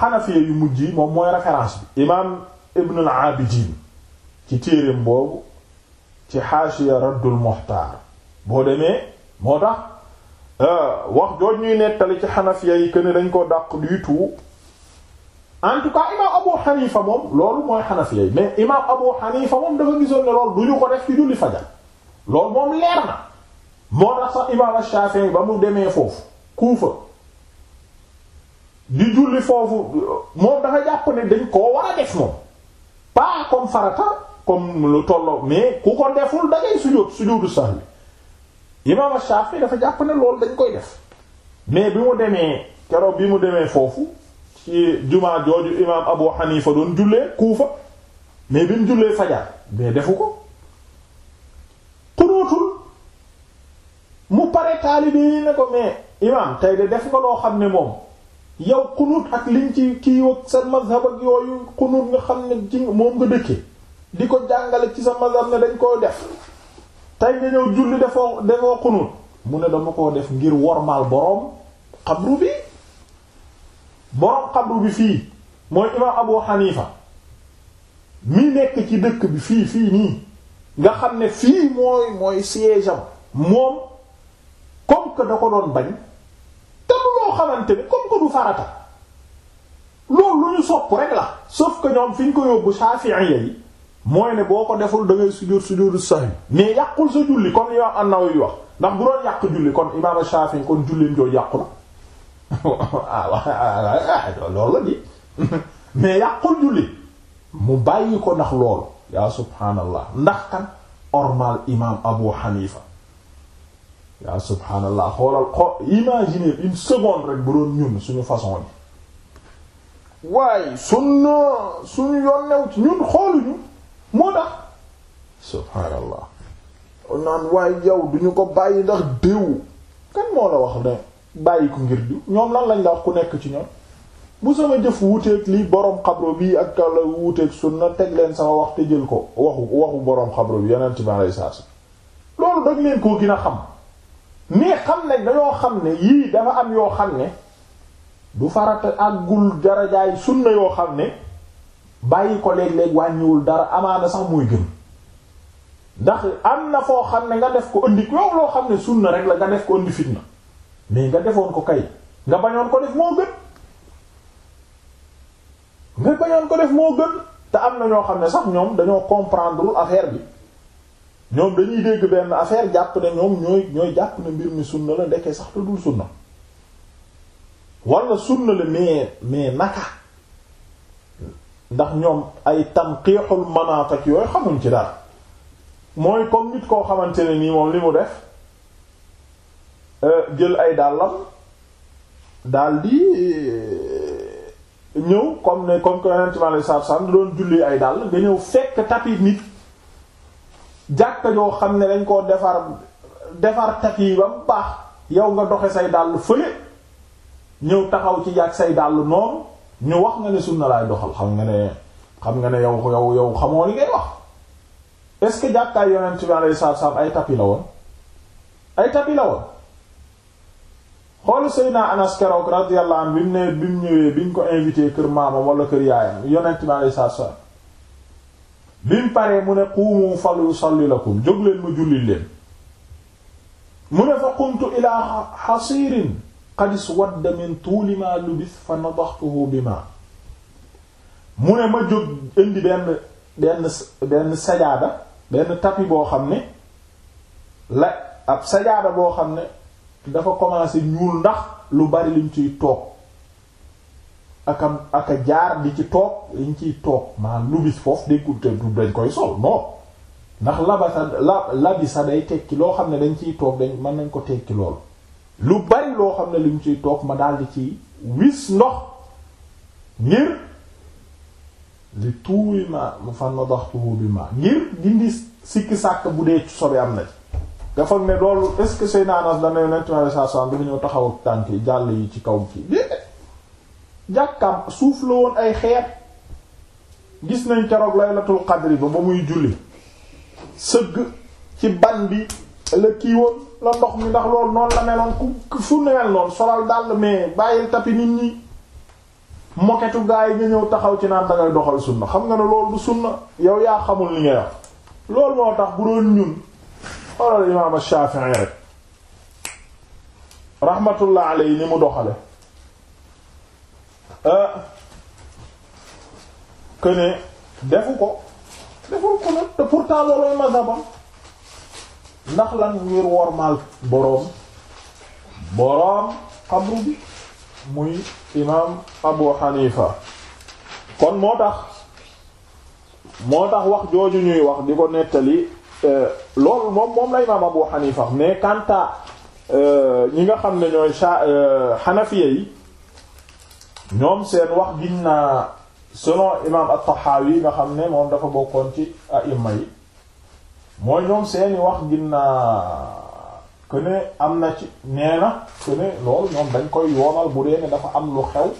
xanafiya yu mujj yi moom mooy référence bi imaam ibn al-Abidin ci téereem boobu ci xaashiya raddul muxtaar boo demee moo tax euh, wax jooj ñuy nettali ci xanafiya yi que ne dañ ko dàq du tout en tout cas imaam Abu Xanifa moom loolu mooy xanafiya yi mais imaam Abu Xanifa moom dafa gisoon ne loolu du ñu ko def ci julli fajar loolu moom leer na moo tax sax imaam Shaafi'i ba mu demee foofu Kuufa di julli foofu moom dafa jàpp ne dañ koo war a def moom pas comme farata comme lu tolloo mais ku ko deful da ngay sujjóot sujjóotu sahwi imaam Shafi dafa jàpp ne loolu dañ koy def mais bi mu demee keroog bi mu demee foofu ci jumaa jooju imaam Abu Hanifa doon jullee Kuufa mais bi mu jullee fajar mais defu ko xunóotul mu pare taalibe yi ne ko mais imaam tey de def nga loo xam ne moom yow xunuut ak liñ ci kii ak sa mazhab ak yooyu xunuut nga xam ne ci moom nga dëkke di ko jàngale ci sa mazhab ne dañ koo def tey nga ñëw julli defoo defoo xunuut mu ne dama koo def ngir wormaal boroom xabru bi boroom xabru bi fii mooy imaam Abu Hanifa mi nekk ci dëkk bi fii fii nii nga xam ne fii mooy mooy siège am moom comme que da ko doon bañ tam loo xamante ni comme ko du farata loolu lu ñu sopp rek la sauf que ñoom fi ñu ko yóbbu Shafi'iyya yi mooy ne boo ko deful da ngay sujjóot sujjóotu sahwi mais yàqul sa julli kon imaam Shafi'i kon julleen jooju yàqu na [laughs] ah, ah, ah, loolu la di [laughs] mais yàqul julli mu bàyyi ko ndax loolu yaa subhaanallah ndax kan ormal imaam Abu Hanifa yaa subhaanallah xoolal xo imaginer une seconde rek bu doon ñun suñu façon bi waaye suñu yoon yonnew ci ñun xooluñu moo tax subhaanallah naan waaye yow duñu ko bàyyi ndax déewu kan moo la wax ne bàyyi ko ngir diw ñoom lan lañ la wax ku nekk ci ñoom bu sama jëf wuuteeg li borom xabro bi ak kala wuuteeg sunna teg leen sama wax te jël ko waxu waxu borom xabro bi yeneen ci ma lay loolu dag leen koo gën a xam mais xam ne dañoo xam ne yii dafa am yoo xam ne du farata jaay darajaay na yoo xam ne bàyyi ko léeg-léeg wàññiwul dara amaana sax muy gën ndax am na foo xam ne nga def ko indi yow loo xam ne sunna rek la nga def ko indi fitna mais nga defoon ko kay nga bañoon ko def moo gën nga bañoon ko def moo gën te am na ñoo xam ne sax ñoom dañoo comprendrewul affaire bi ñoom dañuy dégg benn affaire jàpp ne ñoom ñooy jàpp ne mbir mi sunna la ndeke sax te dul sunna wala sunna la mais mais naka ndax ñoom ay tanqiixul manaat ak yooyu xamuñ ci dara mooy comme nit koo xamante ne nii moom li mu def euh, jël ay dàllam daldi euh, ñëw comme ne comme que yonent mi alayhi salaatu salaam doon julli ay dàll nga fekk tapi nit jàkka joo xam ne dañ koo defar defar takk ba mu baax yow nga doxe say dàll fële ñëw taxaw ci yàgg say dàll noonu ñu wax nga ne sunna laay doxal xam nga ne xam nga ne yow yow yow xamoo li ngay wax est-ce que jàkkaay yonent bi alayhi ay tapi la woon ay tapi la woon bi mu ne bi mu ñëwee bi ñu ko invité kër maamam wala kër yaayam yonent bi alayhi salaatu salaam bi mu paree mu ne quumu falu salli lakum jóg leen mu julli leen mu ne fa qumtu ila xasiirin qad iswadda min tuuli ma lubis fa nadaxtuhu bi ma mu ne ma jóg indi benn benn sajaada benn tapi boo xam ne la ab sajaada boo xam ne dafa commencé ñuul ndax lu bari lim ciy toog akam aka jaar di ci toog liñ ciy toog maa lubis foofu déggul te du dañ koy sol non ndax labasa la labisa day tekki loo xam ne dañ ciy toog dañ mën nañ ko tekki lool lu bari loo xam ne liñ ciy toog ma daldi ci wis ndox ngir li tuuwi ma mu fan na dox tuuwi bi ma ngir dindi sikki sàkk bu dee sobe am na ci nga foog ne loolu est-ce que say naanas dana yonent ma sallallahu alayhi wasallam dafa taxaw ak tànk yi jàll yi ci kaw kii jàkkaam suuf la woon ay xeet gis nañ keroog laylatul qadri ba ba muy julli sëgg ci ban bi la kii la ndox mi ndax loolu noonu la meloon ku fu newel noonu solal dàll mais bàyyil tapi nit ñi moketu gaa yi nga ñëw taxaw ci naan dangay doxal sunna xam nga ne loolu du sunna yow yaa xamul li ngay wax loolu moo tax bu doon ñun xoolal imaam Shaafi'i rek rahmatullah alayhi ni mu doxale Euh, que ne defu ko deful ko nag te pourtant loolooy mazhabam ndax lan ngir wormaal boroom boroom xabru bi muy imaam Abu Hanifa kon moo tax moo tax wax jooju ñuy wax di ko nettali euh, loolu moom moom la imaam Abu Hanifa mais quant à euh, ñi nga xam ne ñooy Hanafiya yi ñoom seen wax ginnaa selon imam at-Tahawi nga xam ne moom dafa bokkoon ci a'imma yi mooy ñoom seeni wax ginnaa que ne am na ci neena na loolu ñoom dañ koy yoonal bu dee dafa am lu xew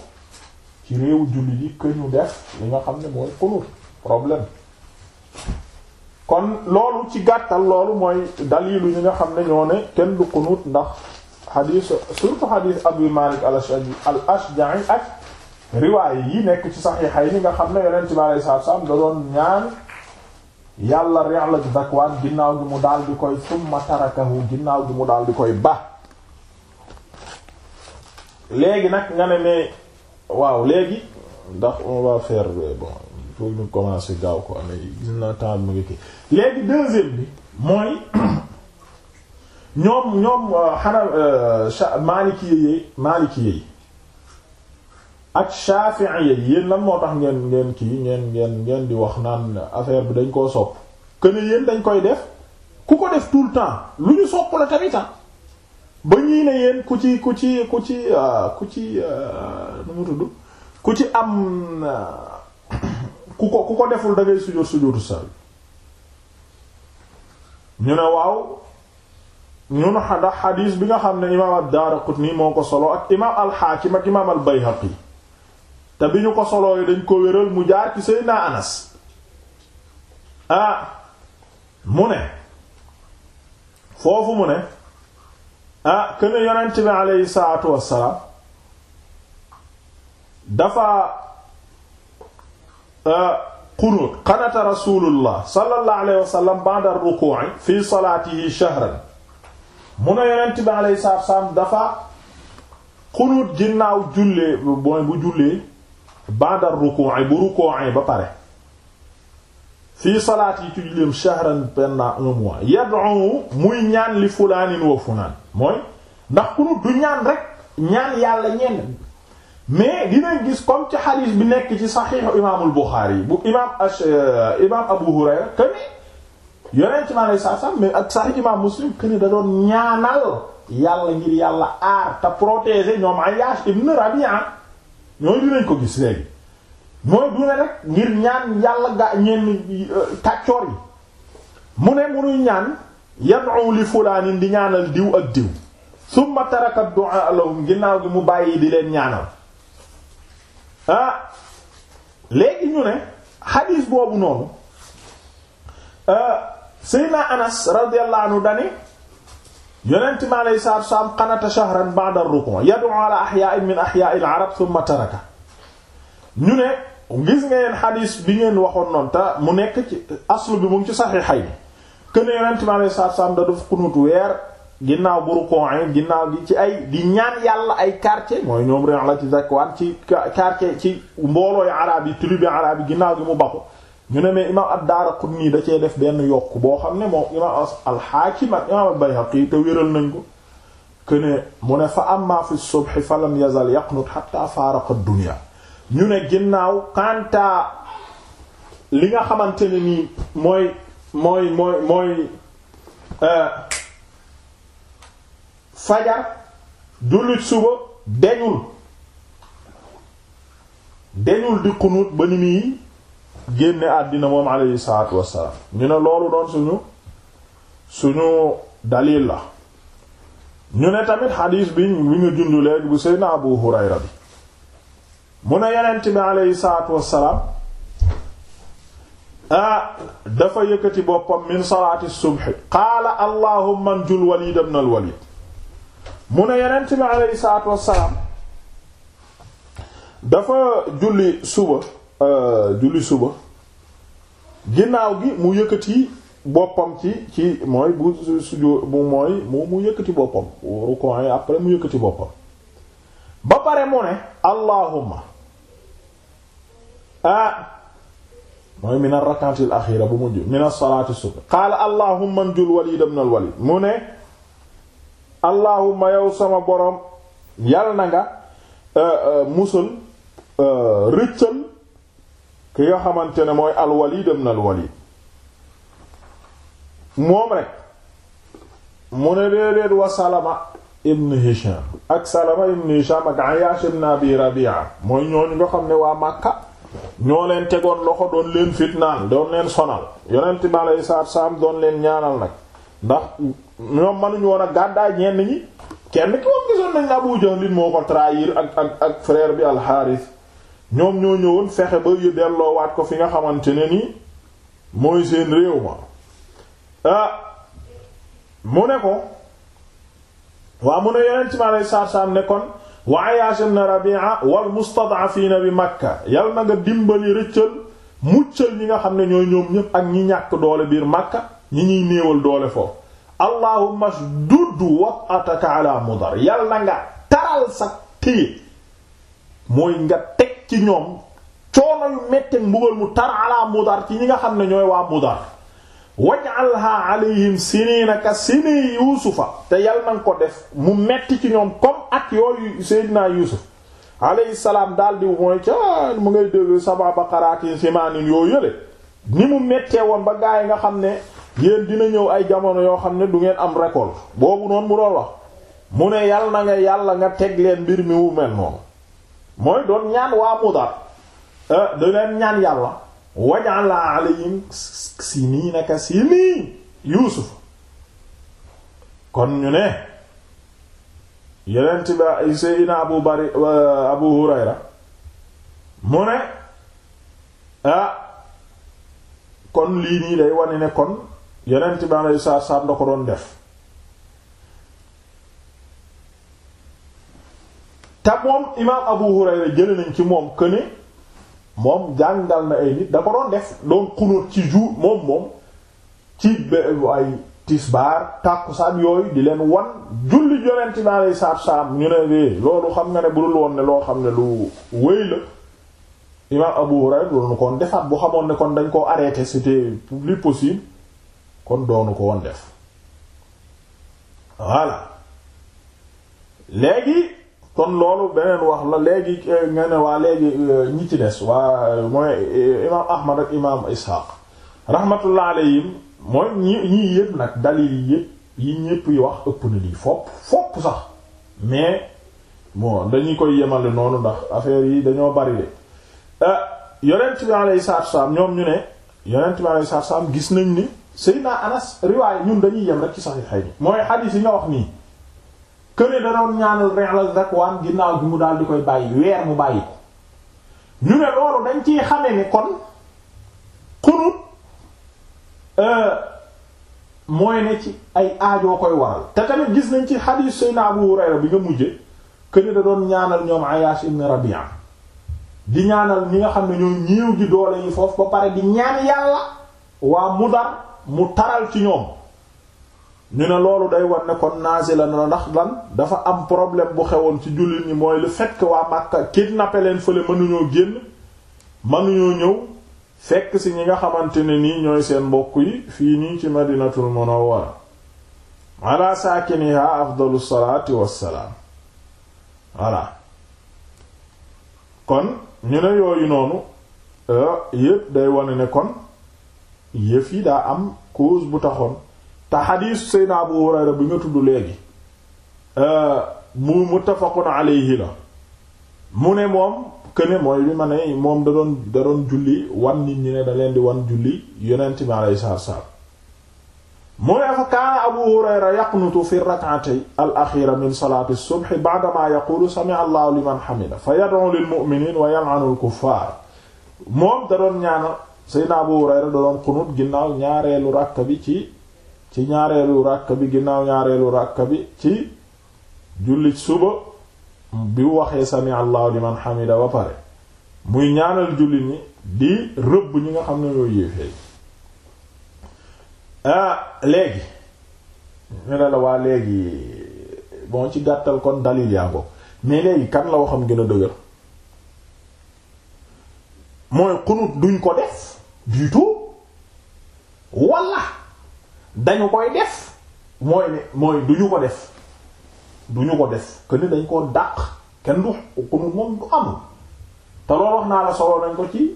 ci réewu jullit yi que ñu def yi nga xam ne mooy kunut problème kon loolu ci gàttal loolu mooy dalilu ñi nga xam ne ñoo ne kenn du kunut ndax xadiis surtout xadiis Abu Malik al-Ashja'i ak riwaaye yi nekk ci saxiixay ni nga xam na yonent bi alayhi salaatu salaam da doon ñaan yàlla Ri'l ak Zakwaan ginnaaw gi mu daal di koy summa tarakahu ginnaaw mu daal di koy ba léegi nag nga ne mais waaw léegi ndax on va faire bon il faut ñu commencer gaaw ko amee gis naa temps bi mu ngi kii léegi deuxième bi mooy [clears throat] ñoom ñoom xanaa euh, euh, Maliki yi Maliki yi ak Shafi'i yéen lan moo tax ngeen ngeen kii ngeen ngeen ngeen di wax naan affaire bi dañ koo sopp que ne yéen dañ koy def ku ko def tout le temps lu ñu sopp la tamit ah. ba ñii ne yéen ku ci ku ci ku ci euh, ku ci euh, nu mu tudd ku ci am ku ko ku ko deful da ngay sujjóot sujjóotu sawi ñu ne waaw ñun ndax xadiis bi nga xam ne imaam ad-Daaraqutni moo ko solo ak imaam al-Haakim ak imaam al yi te bi ñu ko solooyu dañ ko wéral mu jaar ci Seydina Anas ah mu ne foofu mu ne ah këne yonent bi aleyhi salaatu wassalaam dafa ah, qunut qanata rasulullah sallallahu alayhi wasallam ba'da ruku'i fi salaatihi shahran mu ne yonent bi aleyhi salaatu wassalaam dafa qunut ginnaaw jullee mooy bu jullee ba'da ruku'i bu ruku'i ba pare fii salaat yi tujlim shahran pendant un mois yad'u muy ñaan li fulaanin wa fulaan mooy ndax kunu du ñaan rek ñaan yàlla ñenn mais dinañ gis comme ci xadiis bi nekk ci saxiixu imaamul Buxaari yi bu imaam euh, imaam Abu Hurayra que yoneen ci maa saa sax mais ak saxiix imaam Muslim que ni da doon ñaanal yàlla ngir yàlla aar te protéger ñoom Ayyaash ibn Rabi'a ñooñu dinañ ko gis léegi mooy dune rek ngir ñaan yàlla ga ñenn kàccoor euh, yi mu ne munuy ñaan yad'u li fulaanin di ñaanal diw ak diw summa taraka du'a ginnaaw gi mu bàyyi di leen ñaanal ah léegi ñu ne xadiis boobu noonu euh, Seydina Anas radiyallahu dani yonent mi alayhi salaatu wa salaam qanata shahran ba'da ar-ruku' yad'u ala ahyaa'in min ahyaa'i al-arab thumma taraka ñu ne gis ngeen bi ngeen waxoon noonu te mu nekk ci aslu bi mu ci saxiixay que ne yonent mi alayhi salaatu wa ginnaaw bu ruku' ginnaaw ci ay ñaan yàlla ay quartier mooy ñoom Ri'la a Zakwaan ci quartier ci mboolooy arab yi tribu arab ginnaaw gi mu bako ñu ne mais imaam ad-Daaraqutni da cee def benn yokk boo xam ne moom imaam al-Haakim ak imaam al-Bayhaqi te wéral nañ ko que ne mu ne fa amma fi subh fa yazal yaqnut hatta faaraqa ad-dunya ñu ne ginnaaw kanta li nga xamante ne nii mooy mooy mooy mooy euh, fajar jullit suba deñul deñul di ba ni muy génne àddina moom alayhi salaatu wassalaam ñu ne loolu doon suñu suñu dalil la ñu ne tamit xadiis bi bi ñu jundu léegi bu Seydina Abu Hurayra bi mu ne yonent bi alayhi salaatu wassalaam ah dafa yëkkati boppam min salaati subhi qaala allahumma njul walid ibn al walid mu ne yonent bi alayhi salaatu wassalaam dafa julli suba Euh, julli suba ginnaaw gi mu yëkkati boppam ci ci mooy bu sujjóot bu mooy mu mu yëkkati boppam rukkoo yi après mu yëkkati ba pare mu ne allahumma ah mooy min ar-rak'ati al bu mujj min as-salati as-subh qaala allahumma njul walid ibn al-walid mu ne allahumma yow sama borom yal na nga euh, euh, musal rëccal ki nga xamante ne mooy al-Walid ibn al-Walid moom rek mu ne déedéet wa Salama ibn Hisham ak Salama ibn Hisham ak Ayash ibn Abi Rabi'a mooy ñooñu nga xam ne waa Makka ñoo leen tegoon loxo doon leen fitnaan doon leen sonal yonent bi alayhi salaatu doon leen ñaanal nag ndax ñoom mënuñu woon a gàddaay ñenn ñi kenn ki moom gisoon nañ Abu Jahl moo ko trahir ak ak ak frère bi al ñoom ñoo ñëwoon fexe ba yu delloowaat ko fi nga xamante ne ni mooy seen réew ma ah mu ne ko waa mu ne yeneen ci ma lay saar-saam ne kon wa Ayaash ibn Rabi'a wal mustad'afiina bi Makka yal na nga dimbali rëccal muccal ñi nga xam ne ñooy ñoom ñépp ak ñi ñàkk doole biir Makka ñi ñuy néewal doole foofu allahumma shdud wat'ataka ala Mudar yal na nga taral sa téye mooy nga teg ci ñoom coono yu metti mbugal mu tar ala mudar ci ñi nga xam ne ñooy waa mudar waj'alha alayhim sinina ka sini yuusufa te yal na nga ko def mu metti ci ñoom comme ak yooyu seydinaa yuusuf alayhi salaam daal di mooy ca mu ngay dégg saba baqaraatin simaanin yoo yële ni mu mettee woon ba gaa yi nga xam ne yéen dina ñëw ay jamono yoo xam ne du ngeen am récolte boobu noonu mu doon wax mu ne yal na nga yàlla nga teg leen mbir mi wu noonu mooy doon ñaan waa Mudar eh, da leen ñaan yàlla waj'ala alayhim siniina ka sini Yuusuf kon ñu ne yeneen ba Seydina Abu Bari eh, Abu Hurayra mu ne ah kon lii nii day wane ne kon yeneen ba alayhi salaatu salaam da ko doon def te moom imaam Abu Hurayra jëlee nañ ci moom que ne moom jàngal na ay nit da ko doon def doon xunóot ci jour moom moom ci ay tisbaar tàkkusaan yooyu di leen wan julli yonent bi alayhi salaatu salaam ñu ne eh, loolu xam nga ne bu dul woon ne loo xam ne lu wéy la imaam Abu Hurayra doonu koon defaat bu xamoon ne kon dañ koo arrêté c'était plus possible kon doonu ko woon def voilà léegi. kon loolu beneen wax la léegi eh, nga ne waa léegi eh, ñi ci des waa mooy eh, imaam ahmad ak imaam ishaq rahmatullah alayhim mooy ñi ñii yëpp nag dalil yi yëpp yi ñëpp yi wax ëpp na lii fopp fopp sax mais bon dañu koy yemale noonu ndax affaire yi dañoo bari de yonent bi alayhi salaatu wassalaam ñoom ñu ne yonent bi alayhi salaatu wassalaam gis nañ ni Seydina Anas riwaay ñun dañuy yem rek ci Sahih yi mooy xadiis yi nga wax nii këne da doon ñaanal Ri'l Zakwaan ginnaaw bi mu daal di koy bàyyi weer mu bàyyi ko ñu ne loolu dañ ciy xame ni kon xunut euh, mooy ne ci ay aajoo koy waral te tamit gis nañ ci xadiis Seydina Abu Hurayra bi nga mujje këne da doon ñaanal ñoom Ayaash ibn Rabi'a di ñaanal ñi nga xam ne ñu ñéew ji doole yi foofu ba pare di ñaan yàlla waa Mudar mu taral ci ñoom ñu ne loolu day war ne kon la na ndax lan dafa am problème bu xewoon ci jullit ñi mooy lu fekk waa Makka kidnappé leen fële mënuñoo génn mënuñoo ñëw fekk si ñi nga xamante ne nii ñooy seen mbokk yi fii nii ci Madinatul Munawwara ala saakiniha afdalu salaati wassalaam voilà kon ñu ne yooyu noonu euh, yépp day wane ne kon yëf daa am cause bu taxoon te xadiis Seydina Abu Hurayra bi nga tudd léegi euh, mu muttafaqun alayhi la mu ne moom këne mooy bi ma ne moom da doon julli wan nit ñi ne da leen di wan julli yonent bi alayhi salaatu salaam mu ne fa kaana Abu Hurayra yaqnutu fi rak'atay al-axiira min salaati subhi ba'dama yaqulu sami'a Allahu liman hamida fa yad'u lil mu'miniin wa yal'anu al-kuffaar moom da doon ñaana Seydina Abu Hurayra da doon xunut ginnaaw ñaareelu rakk bi ci ci ñaareelu ràkk bi ginnaaw ñaareelu ràkk bi ci jullit suba bi waxee sami allahu liman hamida ba pare muy ñaanal jullit ñi di rëbb ñi nga xam ne ñoo yéefee ah léegi ñu ne la waa léegi bon ci gàttal kon dalil yaa ngo mais kan la waxam gën a dëgër mooy xunut duñ ko def du tout walla dañu koy def mooy ne mooy du ñu ko def du ñu ko def que ni dañ koo dàq kenn du xunu moom du am te loolu wax naa la solo nañ ko ci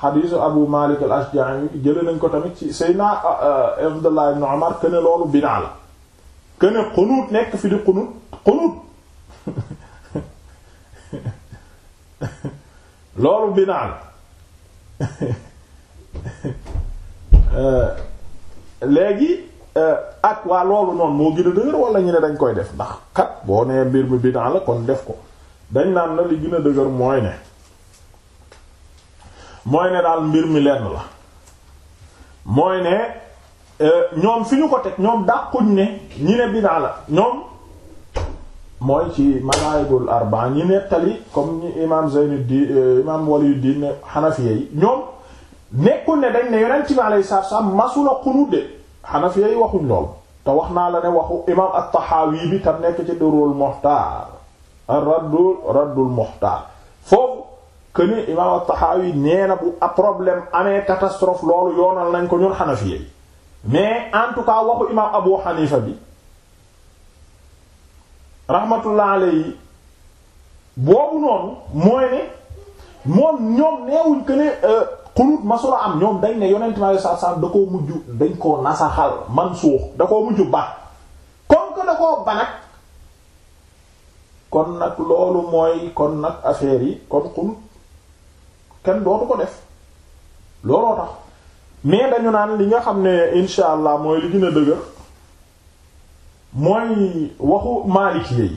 xadiisu Abu Malik al-Ashja'i jële nañ ko tamit ci Seydina euh, Abdullah ibn Umar que ne loolu binaa la que ne xunuut nekk fi di xunuut xunuut [laughs] loolu binaa la [laughs] euh, léegi euh, ak waa loolu noonu moo gën a dëgër wala ñu ne dañ koy def ndax kat boo nee mbir mi bid'a la kon def ko dañ naan na li gën a dëgër mooy ne mooy ne daal mbir mi lenn la mooy ne euh, ñoom fi ñu ko teg ñoom dàquñ ne ñi ne bid'a la ñoom mooy ci malaayibul arba ñi nettali comme ñi imam Zaynuddin euh, imam Waliyuddin ne Hanafiyyi ñoom nekkul ne dañ ne yonent bi alayhi salaatu wa salaam masula xunuut de Hanafi yi waxuñ lool te wax naa la ne waxu imaam at bi tam nekk ci Durrul Muhtaar ar-Raddul Raddul Muhtaar foofu que imaam at-Tahawi bu a problème amee catastrophe loolu yoonal nañ ko ñun Hanafi yi mais en tout cas waxu imaam Abu Hanifa bi rahmatullah alayhi boobu noonu mooy ne moom ñoom neewuñ que euh, xunut masula am ñoom dañ ne yonent mi alayhi salaatu da koo mujj dañ koo nasaxal mansuux da koo mujj ba comme que da koo ba nag kon nag loolu mooy kon nag affaire yi kon xunut kenn dootu ko def looloo tax mais dañu naan li nga xam ne insha allah mooy li gën a dëgër mooy waxu Maalik yi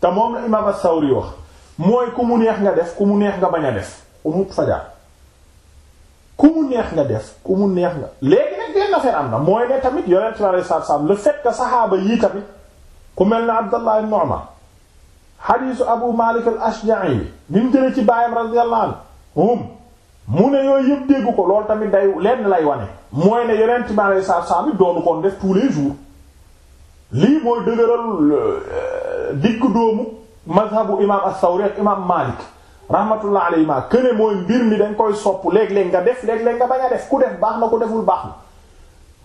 te moom la imaam as-Sawri wax mooy ku mu neex nga def ku mu neex nga bañ a def xunut fajar ku mu neex nga def ku mu neex nga léegi nag benn affaire am na mooy ne tamit yonent bi alayhi salaatu salaam le fait que saxaaba yii tamit ku mel ne Abdallah ibn Umar xadiisu Abu Malik bi mu jëlee ci baayam radiyallahu anhu mu ne yooyu yëpp dégg ko lool tamit day lenn lay wane mooy ne yonent bi alayhi salaatu salaam bi doonu koon def tous les lii mooy dëgëral euh, digg doomu mazhabu imaam as-Sawri ak imaam Malik rahmatullah alayhi ma këne mooy mbir mi dañ koy sopp léeg-léeg nga def léeg-léeg nga bañ a def ku def baax na ku deful baax na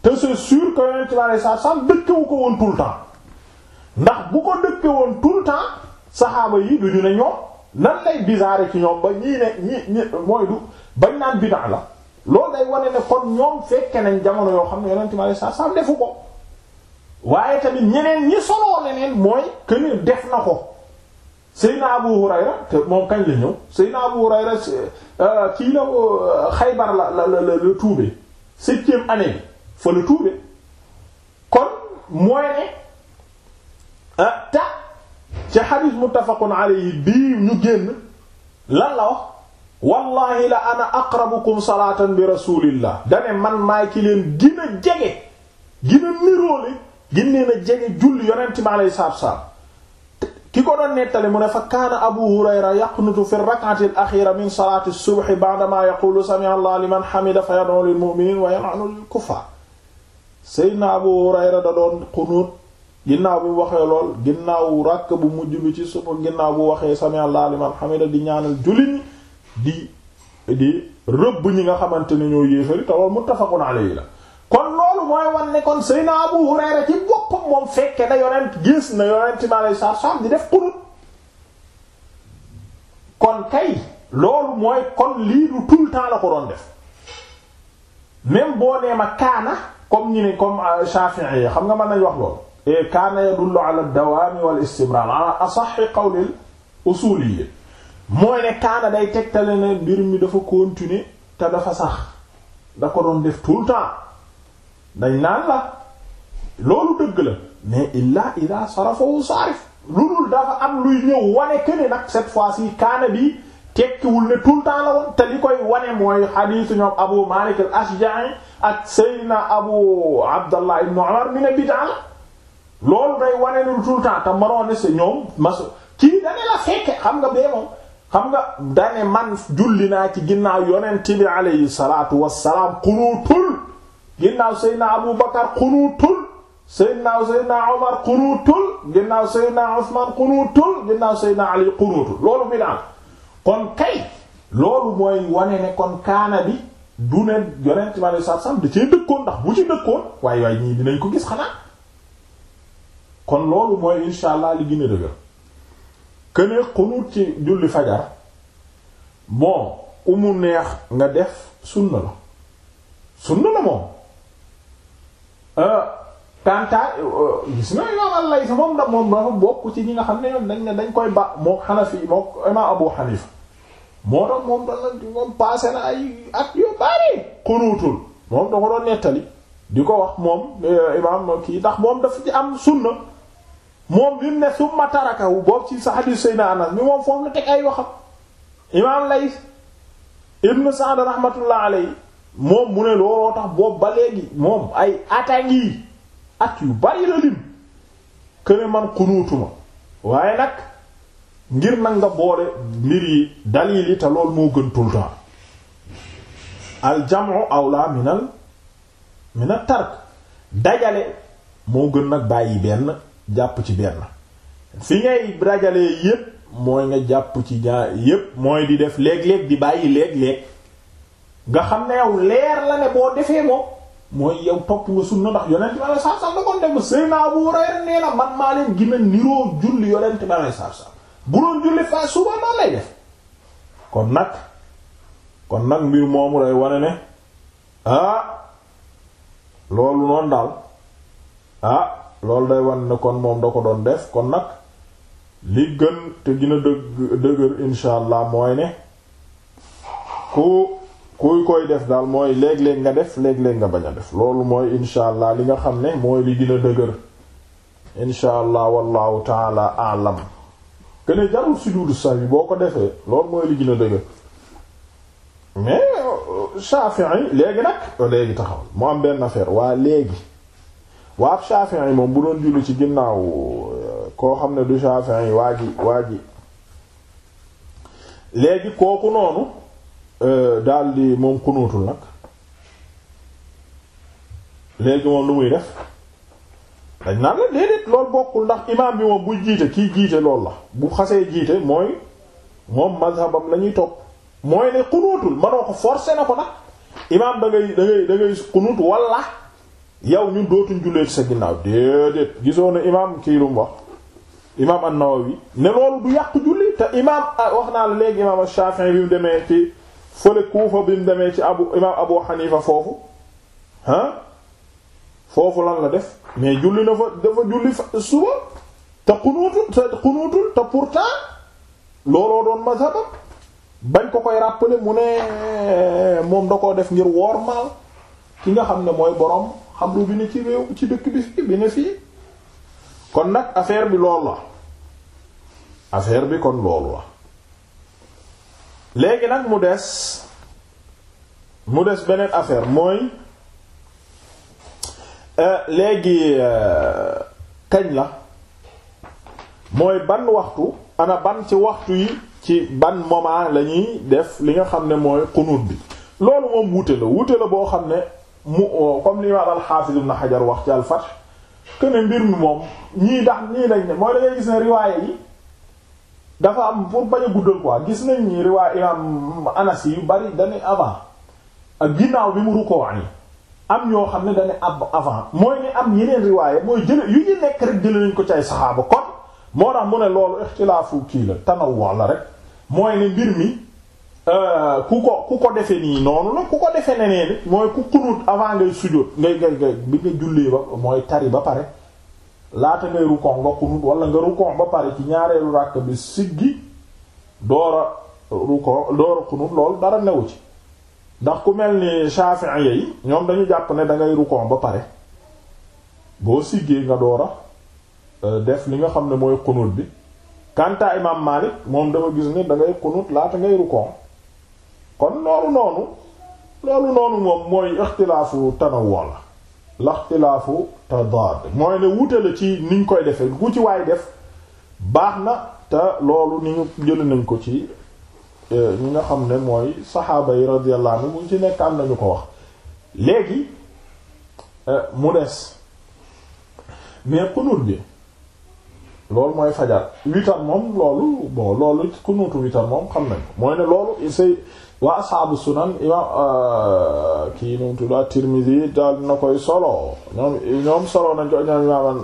te c'est sûr que yonent bi alayhi dëkkewu ko woon tout le ndax bu ko dëkke woon tout le temps saxaaba yi du ñu ne ñoom nan lay bizarre ci ñoom ba ñii ne ñi ñi mooy du bañ naan bid'a la loolu day wane ne kon ñoom fekke nañ jamono yoo xam ne yonent bi alayhi salaam defu ko waaye tamit ñeneen ñi soloo leneen mooy que def na ko Seydina Abu Hurayra te moom kañ la ñëw Seydina Abu Hurayra euh, kii la euh, Xaybar la la la la tuube septième bi fa la tuube kon mooy ne ah, ta ci xadiis muttafaqun alayhi bii ñu génn lan la wax wallahi la ana aqrabukum salaatan bi rasulillah dane man maay ki leen gën jege gën a niroole gën jege julli yonent bi alayhi salaatu salaam ki ko doon nettali mu ne fa kaana abu hurayra yaqnutu fi rak'ati al-akhira min salaati subhi ba'dama yaqulu sami'a allahu liman hamida fa yad'u lil mu'minin wa yal'anu lil kuffar seydna abu hurayra da doon qunut ginnaaw bu waxee lool ginnaaw ràkk bu mujj bi ci suba ginnaaw bu waxee sami'a allahu liman hamida di ñaanal jullit di di rëbb ñi nga xamante ne ñoo yéefari te loolu la mooy wan ne kon Seydina Abu Hurayra ci moom fekke na yonent gis na yonent mi alayhi salaatu salaam di def qunut kon kay loolu mooy kon lii du tout le temps la ko doon def même boo nee kaana comme ñu ne comme euh, Shafi'i xam nga mën nañ wax loolu eh, kaana yadullu ala ad-dawaami wal istimrar ala asahhi qawlil usuliyyi mooy ne kaana day tegtale ne mbir mi dafa continuer te dafa sax da ko doon def tout le temps dañ naan la loolu dëgg la mais illa ida sarafawu saarif lu dul dafa am luy ñëw wane que ne nag cette fois-ci kaana bi tekkiwul ne tout le temps te li koy wane mooy xadiisu ñoom Abu Malik al-Ashja'i ak Seydina Abu Abdallah ibn Umar mi ne bid'a la loolu day wane lu tout le temps te maroon ne si ñoom kii dane la fekke xam nga bee moom xam nga dane man julli naa ci ginnaaw yonent bi alayhi salaatu wassalaam qunuutul ginnaaw Seydina Abu Bakar xunuutul Seydina Seydina Omar xunuutul ginnaaw Seydina Usman xunuutul ginnaaw Seydina Ali xunuutul loolu bi daan kon kay loolu mooy wane ne kon kaana bi du ne yonent mi alei satu da cee dëkkoon ndax bu ci dëkkoon waaye waaye ñii dinañ ko gis xanaa kon loolu mooy insha li gën a dëgër këne xunuut ci julli fajar bon umu neex nga def sunna la sunna la moom Euh, Kanta euh, gis na yow Allah sa moom da moom dafa bokk ci ñi nga xam ne ñoom dañ ne dañ koy ba mook Hanafi mook Imaam Abu Hanifa moo tax moom na ay at yu ko doon nettali di ko wax moom euh, Imaam kii ndax moom dafa ci am sunna moom bi mu ne summa tarakahu boobu ci sa hadiis Seydina Anas mi moom foofu la teg ay waxam Imaam Layth ibn Sa'd rahmatullah alayhi moom mu ne looloo tax boobu ba léegi moom ay atangi at yu bari la lim këne man xunuutuma waaye nag ngir nag nga boole mbir yi dalil yi te lool moo gën tout le temps al jam'u minal minal tark dajale moo gën nag bàyyi benn jàpp ci benn fi ngay dajalee yépp mooy nga jàpp ci ñaar yépp mooy di def léeg-léeg di bàyyi léeg-léeg nga xam ne yow leer la ne boo defee moom mooy yow topp nga sunna ndax yonent bi alayhi salaam da ko def Seydina Abu Hurayra nee na man maa leen gën a niroo julli yonent bi alayhi salaam bu doon julli fa suba maa lay def kon nag kon nag mbir moomu lay wane ne ah loolu noonu daal ah loolu day wane ne kon moom da ko doon def kon nag li gën te gën a dëgg dëgër insha mooy ne ku kuy koy def daal mooy léeg-léeg nga def léeg-léeg nga bañ a def loolu mooy insha allah li nga xam ne mooy li gën a dëgër insha allah wallahu taala alam kene jarul sujudu sahwi boo ko defee loolu mooy li gën a dëgër mais euh, Shafi'i léegi nag euh, léegi taxaw mu am benn affaire waa léegi waa yi moom bu doon julli ci ginnaaw euh, koo xam ne du Shafi'i yi ji waa ji léegi kooku noonu Euh, daldi moom kunuutul nag léegi moom lu muy def dañ naan la déedéet loolu bokkul ndax imaam bi moom buy jiite kiy jiite loolu la bu xasee jiite mooy moom mazhabam lañuy ñuy topp mooy ne kunuutul manoo ko forcer na ko nag imaam da ngay da ngay da ngay kunuut wala yow ñun dootuñ jullee sa ginnaaw déedéet gisoo ne imaam kii wax imaam an-Nawawi ne loolu du yàq julli te imaam ah, wax naa la léegi imaam Shafi'i bi mu demee ci. fële Kuufa bi mu demee ci abu imaam Abu Hanifa foofu ah foofu lan la def mais julli na fa dafa julli fa suba te xunuutul te xunuutul te pourtant looloo doon mazhabam bañ ko koy rappeler mu ne moom da koo def ngir wormaal ki nga xam ne mooy borom xamru bi ne ci réew ci dëkk bi fii bi ne fii kon nag affaire bi loolu la affaire bi kon loolu la. léegi nag mu des mu des beneen affaire mooy euh, léegi euh, kañ la mooy ban waxtu ana ban ci waxtu yi ci ban moment la ñuy def li nga xam ne mooy xunuut bi loolu moom wuute la wuute la boo xam ne mu euh, comme li ma al-Hafiz Ibn Hajar wax ci al-Fath que ne mbir mi moom ñii ndax ñii lañ ne mooy da ngay gis ne riwaaye yi dafa am pour bañ a guddal quoi gis nañ ni riwaa imam Anas yu bari dañu avant ak ginnaaw bi mu rukkoo yi am ñoo xam ne dañu ab avant mooy ni am yeneen riwaayé mooy jële yu ñu nekk rek jële nañ ko ci ay saxaaba kon moo tax mu ne loolu ixtilaafu kii la tanawwu la rek mooy ne mbir mi euh, ku ko ku ko defe nii noonu la ku ko defe nenee ni mooy ku xunut avant ngay sujjóot ngay ngay ngay bi nga jullee ba mooy tari ba pare laata ngay rukkon nga xunut wala nga rukkon ba pare ci ñaareelu ràkk bi siggi doora rukkon doora xunut loolu dara newu ci ndax ku mel ni Shafi'i yi ñoom dañu jàpp ne dangay rukkon ba pare boo siggee nga doora euh, def li nga xam ne mooy xunut bi kanta imam Malik moom dama gis ne dangay xunut laata ngay rukkon kon loolu noonu loolu noonu moom mooy ixtilaafu tanawwu la laxtilaafu tadaad mooy ne wuute la ci niñ koy defee ku ci waay def baax na te loolu ni ñu jël ko ci e, ñi nga xam ne mooy saxaaba yi radiyallahu anhu ci nekk am ñu ko wax léegi e, mu des mais xunut bi loolu mooy fajar witar moom loolu bon loolu xunutu witar moom xam nañ ko mooy ne loolu c'est waa asxaabu sunan imam ah, kii nu mu na koy solo ñoom ñoom solo nañ ko ñoom imaam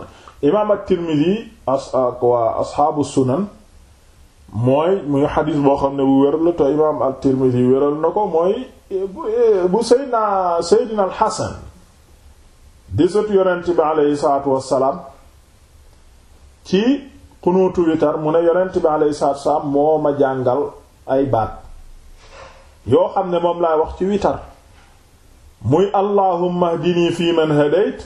imaam at-Tirmidhi as sunan mooy muy xadis boo xam ne bu wér la te imaam at-Tirmidhi wéral na ko mooy bu Seydina Seydina al-Hasan di sët yonent bi aleyhi salaatu wassalaam ci xunuutu witar mu ne yonent bi aleyhi salaatu wassalaam moo ma jàngal ay baat yoo xam ne moom laa wax ci witar muy allahumma hdini fi man hadayt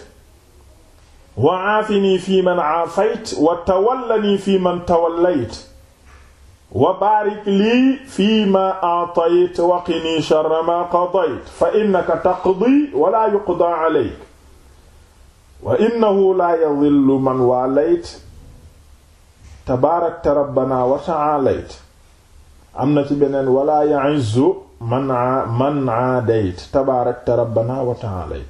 wa aafini fi man aafayt wa tawallani fi man tawallayt wa baarik lii fi ma aatayt wa qini sharra ma qadayt fa innaka taqdi wa la yuqda alayk wa innahu la yadillu man waalayt tabaarakta rabbana wa ta'aalayt am na ci beneen wala ya'izzu man man aadayt tabaarakta rabbana wa ta'alayt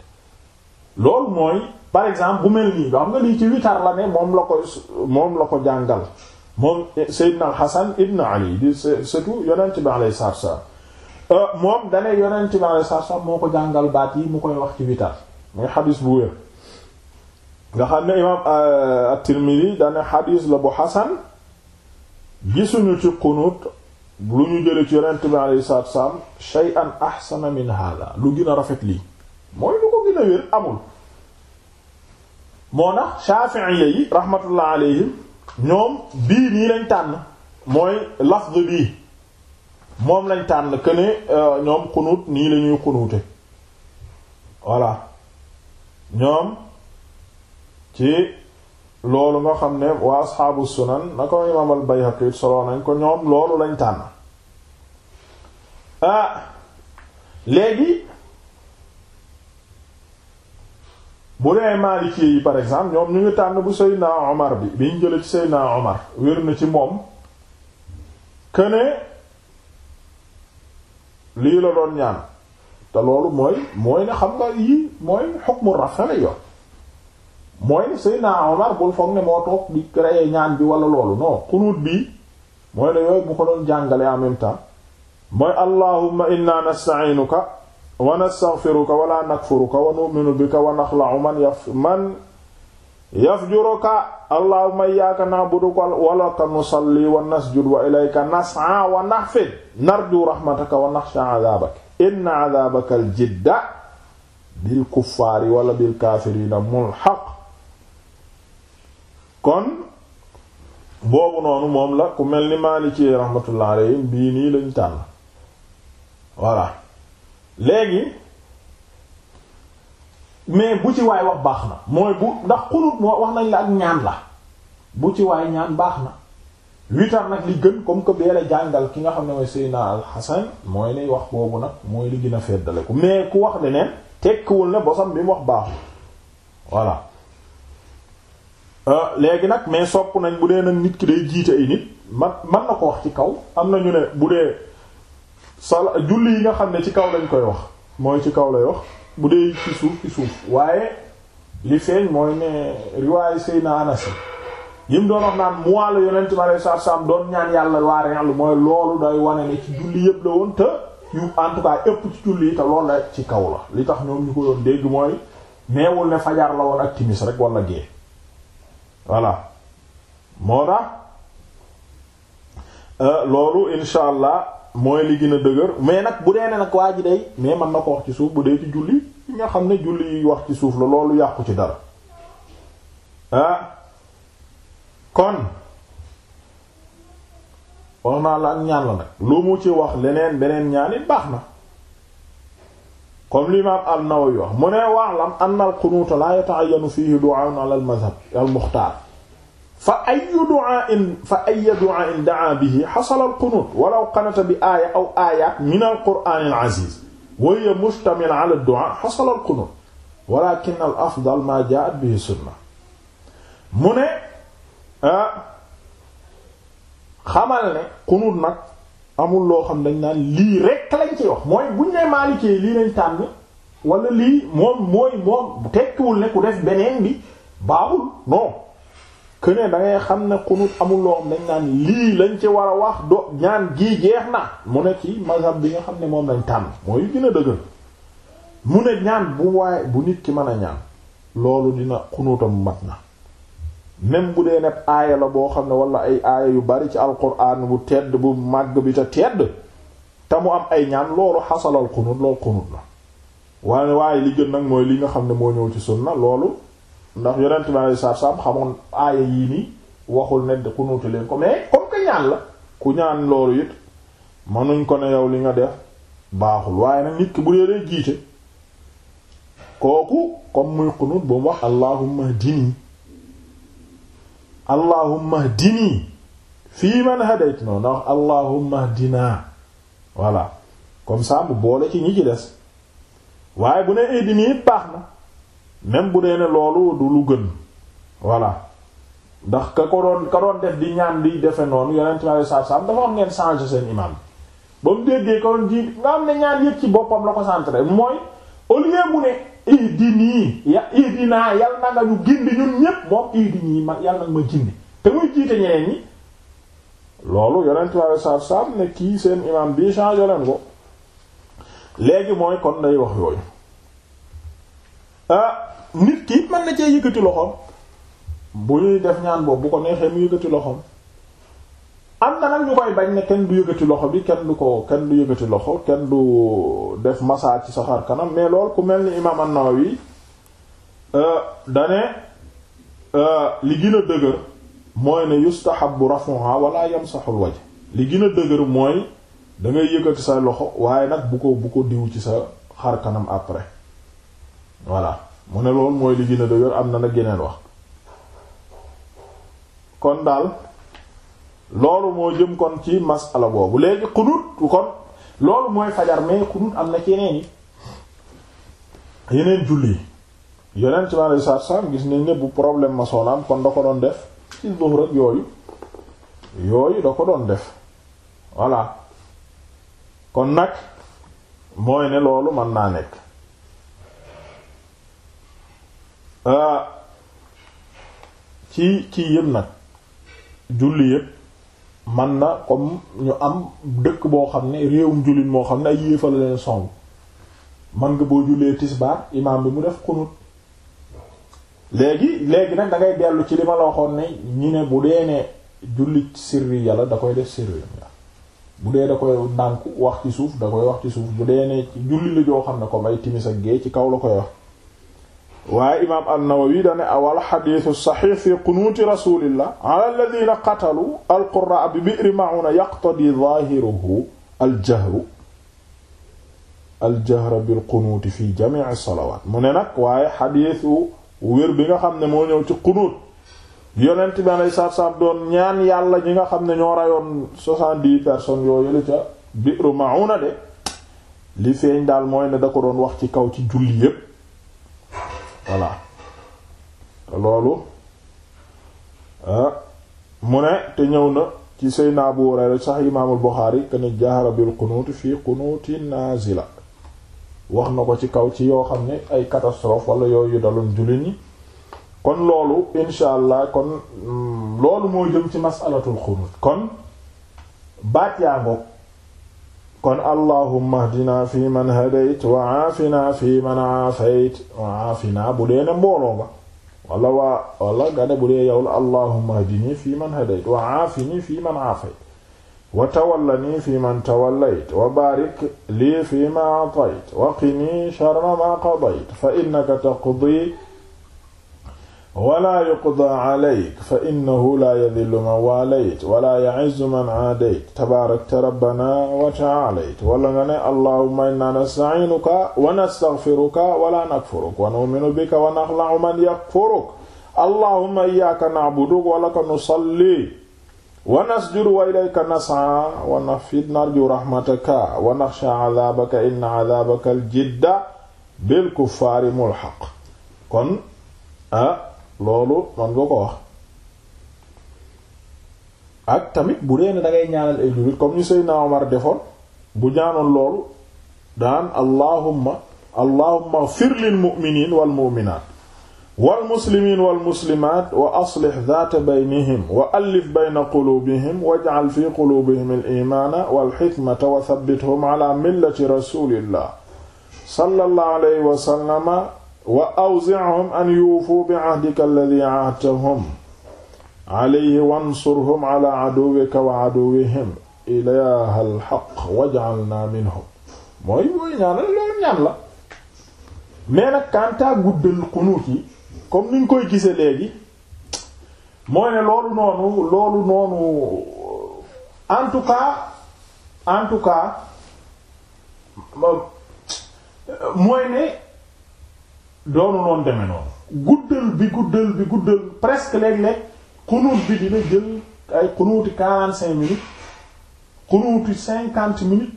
loolu mooy par exemple bu mel nii xam nga lii ci witar la ne moom la ko moom la ko jàngal moom Seydina Hasan ibn Ali di surtout yonent bi alayhi salaatu wa salaam euh, moom dane yonent bi alayhi salaatu wa salaam moo ko jàngal baat yi mu koy wax ci witar mooy xadis bu wér nga xam ne imaam euh, at-Tirmidhi dane xadis la bu Hasan gisuñu ci qunut lu ñu jële ci yonent bi alayhi salaatu wassalaam shay'an ahsana min hada lu gën rafet lii mooy lu ko gën wér amul moo tax Shafi'iyya yi rahmatullah alayhim ñoom bii nii lañ tànn mooy lafz bii moom lañ tànn que ne euh, ñoom xunuut nii la ñuy xunuute voilà ñoom ci loolu nga xam ne waa asxaabu sunan na ko imaam al solo nañ ko ñoom loolu lañ tànn ah léegi bu dee Maliki yi par exemple ñoom ñu ngi tànn bu Seydina Omar bi bi ñu jëlee ci Seydina Omar wér na ci moom këne lii la doon ñaan te loolu mooy mooy ne xam nga yii mooy hukmu rafala yoon mooy Seydina Omar bul foog ne moo toog di créer ñaan bi wala loolu non xunuut bi mooy ne yooyu bu ko doon jàngale en même temps mooy allahumma inna nasta'inuka wa nastaghfiruka wa la nakfuruka wa nu'minu bika wa nakhla'u man yaf man yafjuruka allahumma iyyaka na'budu wa laka nusalli wa nasjud wa ilayka nas'a wa nahfid narju rahmataka wa nakhsha 'adhabaka inna 'adhabaka al-jidda bil kuffaari wala bil kaafiriina mulhaq kon boobu noonu moom la ku mel ni Maalik ci rahmatullah alayhi bii nii lañ tànn voilà léegi mais bu ci waay wax baax na mooy bu ndax xunut moo wax nañ la ak ñaan la bu ci waay ñaan baax na witar nag li gën comme que bee la jàngal ki nga xam ne mooy Seydina Al-Hasan mooy lay wax boobu nag mooy li gën a feddale ko mais ku wax leneen tekkiwul ne bosam bi mu wax baaxul voilà euh, léegi nag mais sopp nañ bu dee nag nit ki day jiite ay nit man man na ko wax ci kaw am nañu ne bu dee sala julli yi nga xam ne ci kaw lañ koy wax mooy ci kaw lay wax bu dee ci suuf ci suuf waaye li feeñ mooy ne riwaayu Seyna Anas yim doon wax naan mois la yonent ma lay saabsaab doon ñaan yàlla waa Réal mooy loolu day wane ne ci julli yëpp la woon te yu en tout cas ëpp ci julli yi te loolu la ci kaw la li tax ñoom ñu ko doon dégg mooy neewul ne fajar la woon ak timis rek wala gée voilà moo tax euh, loolu incha mooy li gën a dëgër mais nag bu dee ne nag waa ji day mais man na ko wax ci suuf bu dee ci julli yi nga xam ne julli yi wax ci suuf la loolu yàqu ci dara ah kon wax naa la ak ñaan nag lu mu ci wax leneen beneen ñaan baax na comme l'imam al-Nawawi wax mu ne wa'lam anna al-qunut la yata'ayyanu fihi du'a'un ala al-madhhab al-mukhtar fa ayyu du'aa'in fa ayyu du'aa'in da'a bihi hasala al-qunuut walaw qanata bi aaya aw aayaat min al-qur'aan al-aziiz wa hiya mushtamila 'ala ad-du'aa' hasala al-qunuut walaakin al-afdal maa jaa'at bihi sunna mu ne ah, xamal ne qunuut nag amul loo xam dañ naan lii rekk lañ ci wax mooy buñ ne maalikee lii lañ tànn wala lii moom mooy moom tekkiwul ne ku def beneen bi baaxul non. këne ne xam ne xunut amul loo xam dañ naan lii lañ ci war a wax do ñaan gii jeex na mu ne ci mazhab bi nga xam ne moom lañ tànn mooy gën a dëgër mu ne ñaan bu waaye bu nit ki mën a ñaan loolu dina xunutam mat na même bu dee nekk aaya la boo xam ne wala ay aaya yu bari ci alquran bu tedd bu màgg bi te tedd te mu am ay ñaan loolu xasalal xunut loolu xunut la waaye waaye li gën nag mooy li nga xam ne moo ñëw ci na loolu ndax yonent bi alayhi salaatu salaam xamoon aaya yii nii waxul ne ku nuutu leen ko mais comme que ñaan la ku ñaan loolu it mënuñ ko ne yow li nga def baaxul waaye nag nit ki bu dee dee jiite kooku comme muy xunuut bu mu wax allahumma hdini allahumma hdini fii man hadayt noonu na wax allahumma hdina voilà comme ça bu boole ci ñi ci des waaye bu ne hdini baax na même bu dee ne loolu du lu gën voilà ndax ka ko doon ka doon def di ñaan di defe noonu yonent mi saa saa dafa am ngeen changer seen imam ba mu déggee ka doon jiit nga am ne ñaan yëpp ci boppam la ko centré mooy au lieu mu ne ihdini ya ihdina yal na nga ñu gindi ñun ñépp moom ihdini ma yal na ma gindi te muy jiite ñeneen ñi loolu yonent mi saa saa ne kii seen imam bii changer leen ko léegi mooy kon day wax yooyu nit ki mën na cee yëkkati loxoom bu ñuy def ñaan boobu bu ko neexee mu yëkkati loxoom am na nag ñu koy bañ ne kenn du yëkkati loxo bi kenn du ko kenn du yëkkati loxo kenn du def masaa ci saxaar kanam mais lool ku mel ni imaam an-Nawawi euh, dane euh, li gën a dëgër mooy ne yustahabu rafuha wala yamsahul waj li gën a dëgër mooy dangay ngay yëkkati sa loxo waaye nag bu ko bu ko diw ci sa xar kanam après voilà mu ne loolu mooy li gën dëgër am na nag geneen wax kon daal loolu moo jëm kon ci masala boobu léegi xudut kon loolu mooy fajar mais xudut am na ci yeneen yi yeneen julli yeneen ci maanaam saa saa gis nañ ne bu problème ma sonaam kon da ko doon def ci duhur rek yooyu yooyu da ko doon def voilà kon nag mooy ne loolu mën naa nekk Ah, ci ci yëpp nag julli yëpp man na comme ñu am dëkk boo xam ne réewum jullit moo xam ne ay yéefal leen song man nga boo jullee tisbaar imaam bi mu def xunut léegi léegi nag dangay ngay dellu ci li ma la waxoon ne ñi ne bu dee ne julli sirri yàlla da koy def sirri bu dee da koy ndànk wax ci suuf da koy wax ci suuf bu dee ne julli la joo xam ne ko ay timis ak gée ci kaw la koy wax waaye imaam an-Nawawi dane awal xadiisu saxiix fi qunuuti rasulillah ala alladina qatalu alqurraa bi bi'ri ma'una yaqtadi zaahiruhu aljahru aljahra bil qunuuti fi jamii'i salawaat mu ne nag waaye xadiisu wér bi nga xam ne moo ñëw ci qunuut yonent bi alayhi salaatu salaam doon ñaan yàlla ñi nga xam ne ñoo rayoon soixante-dix personnes yooyu la ca bi'ru ma'una de li feeñ daal mooy ne da ko doon wax ci kaw ci julli yépp voilà loolu ah, mu ne te ñëw na ci Seydina Abu Hurayra sax imaamul Buxaari kani jahara bil qunuut fii qunuuti naazila wax na ko ci kaw ci yoo xam ne ay catastrophe wala yooyu daloon jullit ñi kon loolu insha allah kon mm, loolu moo jëm ci masalatul xunuut kon baat yaa ngoog kon allahumma hdina fi man hadayt wa aafina fi man aafayt wa aafina bu dee ne mbooloo ba wala waa wala nga ne bu dee yow la allahumma hdini fi man hadayt wa aafini fi man aafayt wa tawallani fi man tawallayt wa baarik lii fi ma atayt wa qini sharra ma qadayt fa innaka taqdi wala yuqda alayk fa innahu la yadillu man waalayt wala ya'izzu man aadayt tabaarakta rabbana wa ta'aalayt wala nga ne allahumma inna nasta'inuka wa nastaghfiruka wala nakfuruk wa nu'minu bika wa nakhla'u man yakfuruk allahumma iyyaka na'budu wa laka nusalli wa nasjudu wa ilayka nas'a wa nafid narju rahmataka wa nakhsha 'adhabaka inna 'adhabaka al-jidda bil kuffaari mulhaq kon ah loolu man nga ko wax ak tamit bu dee ne dangay ñaanal ay jullit comme ñu Seydina Omar defoon bu ñaanoon loolu daan allahumma allahumma ighfir lil mu'miniin wal mu'minaat wal muslimiin wal muslimaat wa aslih dhaata baynihim wa allif bayna quluubihim waj'al fi quluubihim al iimaana wal hikmata wa thabbithum ala millati rasuulillah sallallahu alayhi wa sallama wa awzi'hum an yuufu bi ahdika alladhi ahdtahum alayhi wansurhum ala aduwwika wa aduwwihim ilaahal haqq waj'alna minhum mooy mooy ñaanal loolu ñaan la mais nag kantaa guddal xunuut yi comme niñ koy gise léegi mooy ne loolu noonu loolu noonu en tout cas en tout cas mooy ne doonu noonu deme noonu guddal bi guddal bi guddal presque léeg-léeg xunuut bi dina jël ay xunuuti quarante cinq minutes xunuuti cinquante minutes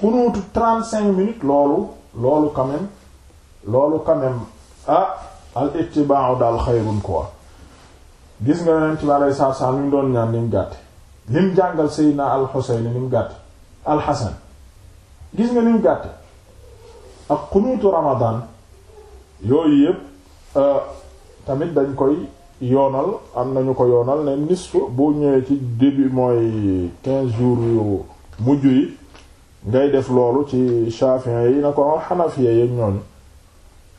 xunuuti trente cinq minutes loolu loolu quand même loolu quand ah al ittiba'u daal xayrun quoi gis nga yonent bi alayhi salaatu salaam li mu doon ñaan ni mu gàtte li mu jàngal Seydina al Xuseyn ni mu gàtte al Xasan gis nga ni mu gàtte ak xunuutu Ramadan yooyu yëpp euh, tamit dañ koy yoonal am nañu ko yoonal ne nisf boo ñëwee ci début mooy quinze jours yu mujj yi ngay def loolu ci Shafi'i yi na ko noonu Hanafiya yi ñooñu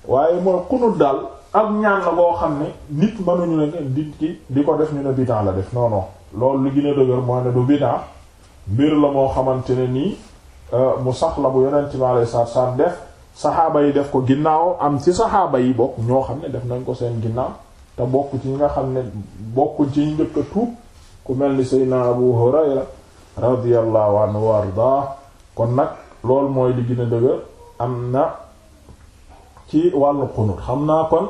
waaye mooy xunut daal ak ñaan la boo xam ne nit mënuñu ne nit di ko def ñu ne bid'a la def non loolu li gën a dëgër mooy ne du bid'a mbir la moo xamante ne nii euh, mu sax la bu yeneen bi alayhi salaatu salaam def saxaaba yi def ko ginnaaw am ci saxaaba yi bokk ñoo xam ne def nañ ko seen ginnaaw te bokku ci ñi nga xam ne bokku ci ñu njëkk a tuub ku mel ni Seydina Abu Hurayra radiyallahu anhu wa ardaa kon nag loolu mooy li gën a am na ci wàllu xunut xam naa kon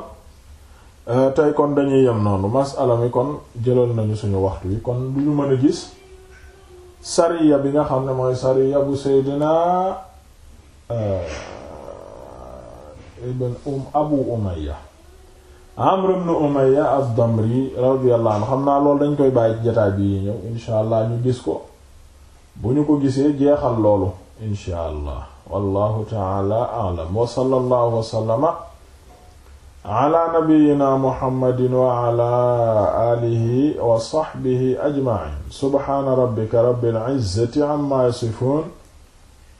euh, tey kon dañuy yem noonu masala mi kon jëlal nañu suñu waxtu yi kon du mën a gis sariya bi nga xam ne mooy sariya bu Seydina euh, ibn um abu umayya amr ibn umayya ad-damri radiyallahu anhu xam naa loolu dañ koy bàyyi ci jotaay bi ñëw insha allah ñu gis ko bu ñu ko gisee jeexal loolu insha allah wallahu ta'ala a'lam wa sallallahu wa sallama ala nabiyyina muhammadin wa ala alihi wa sahbihi ajma'in subhana rabbika rabbil izzati amma yasifun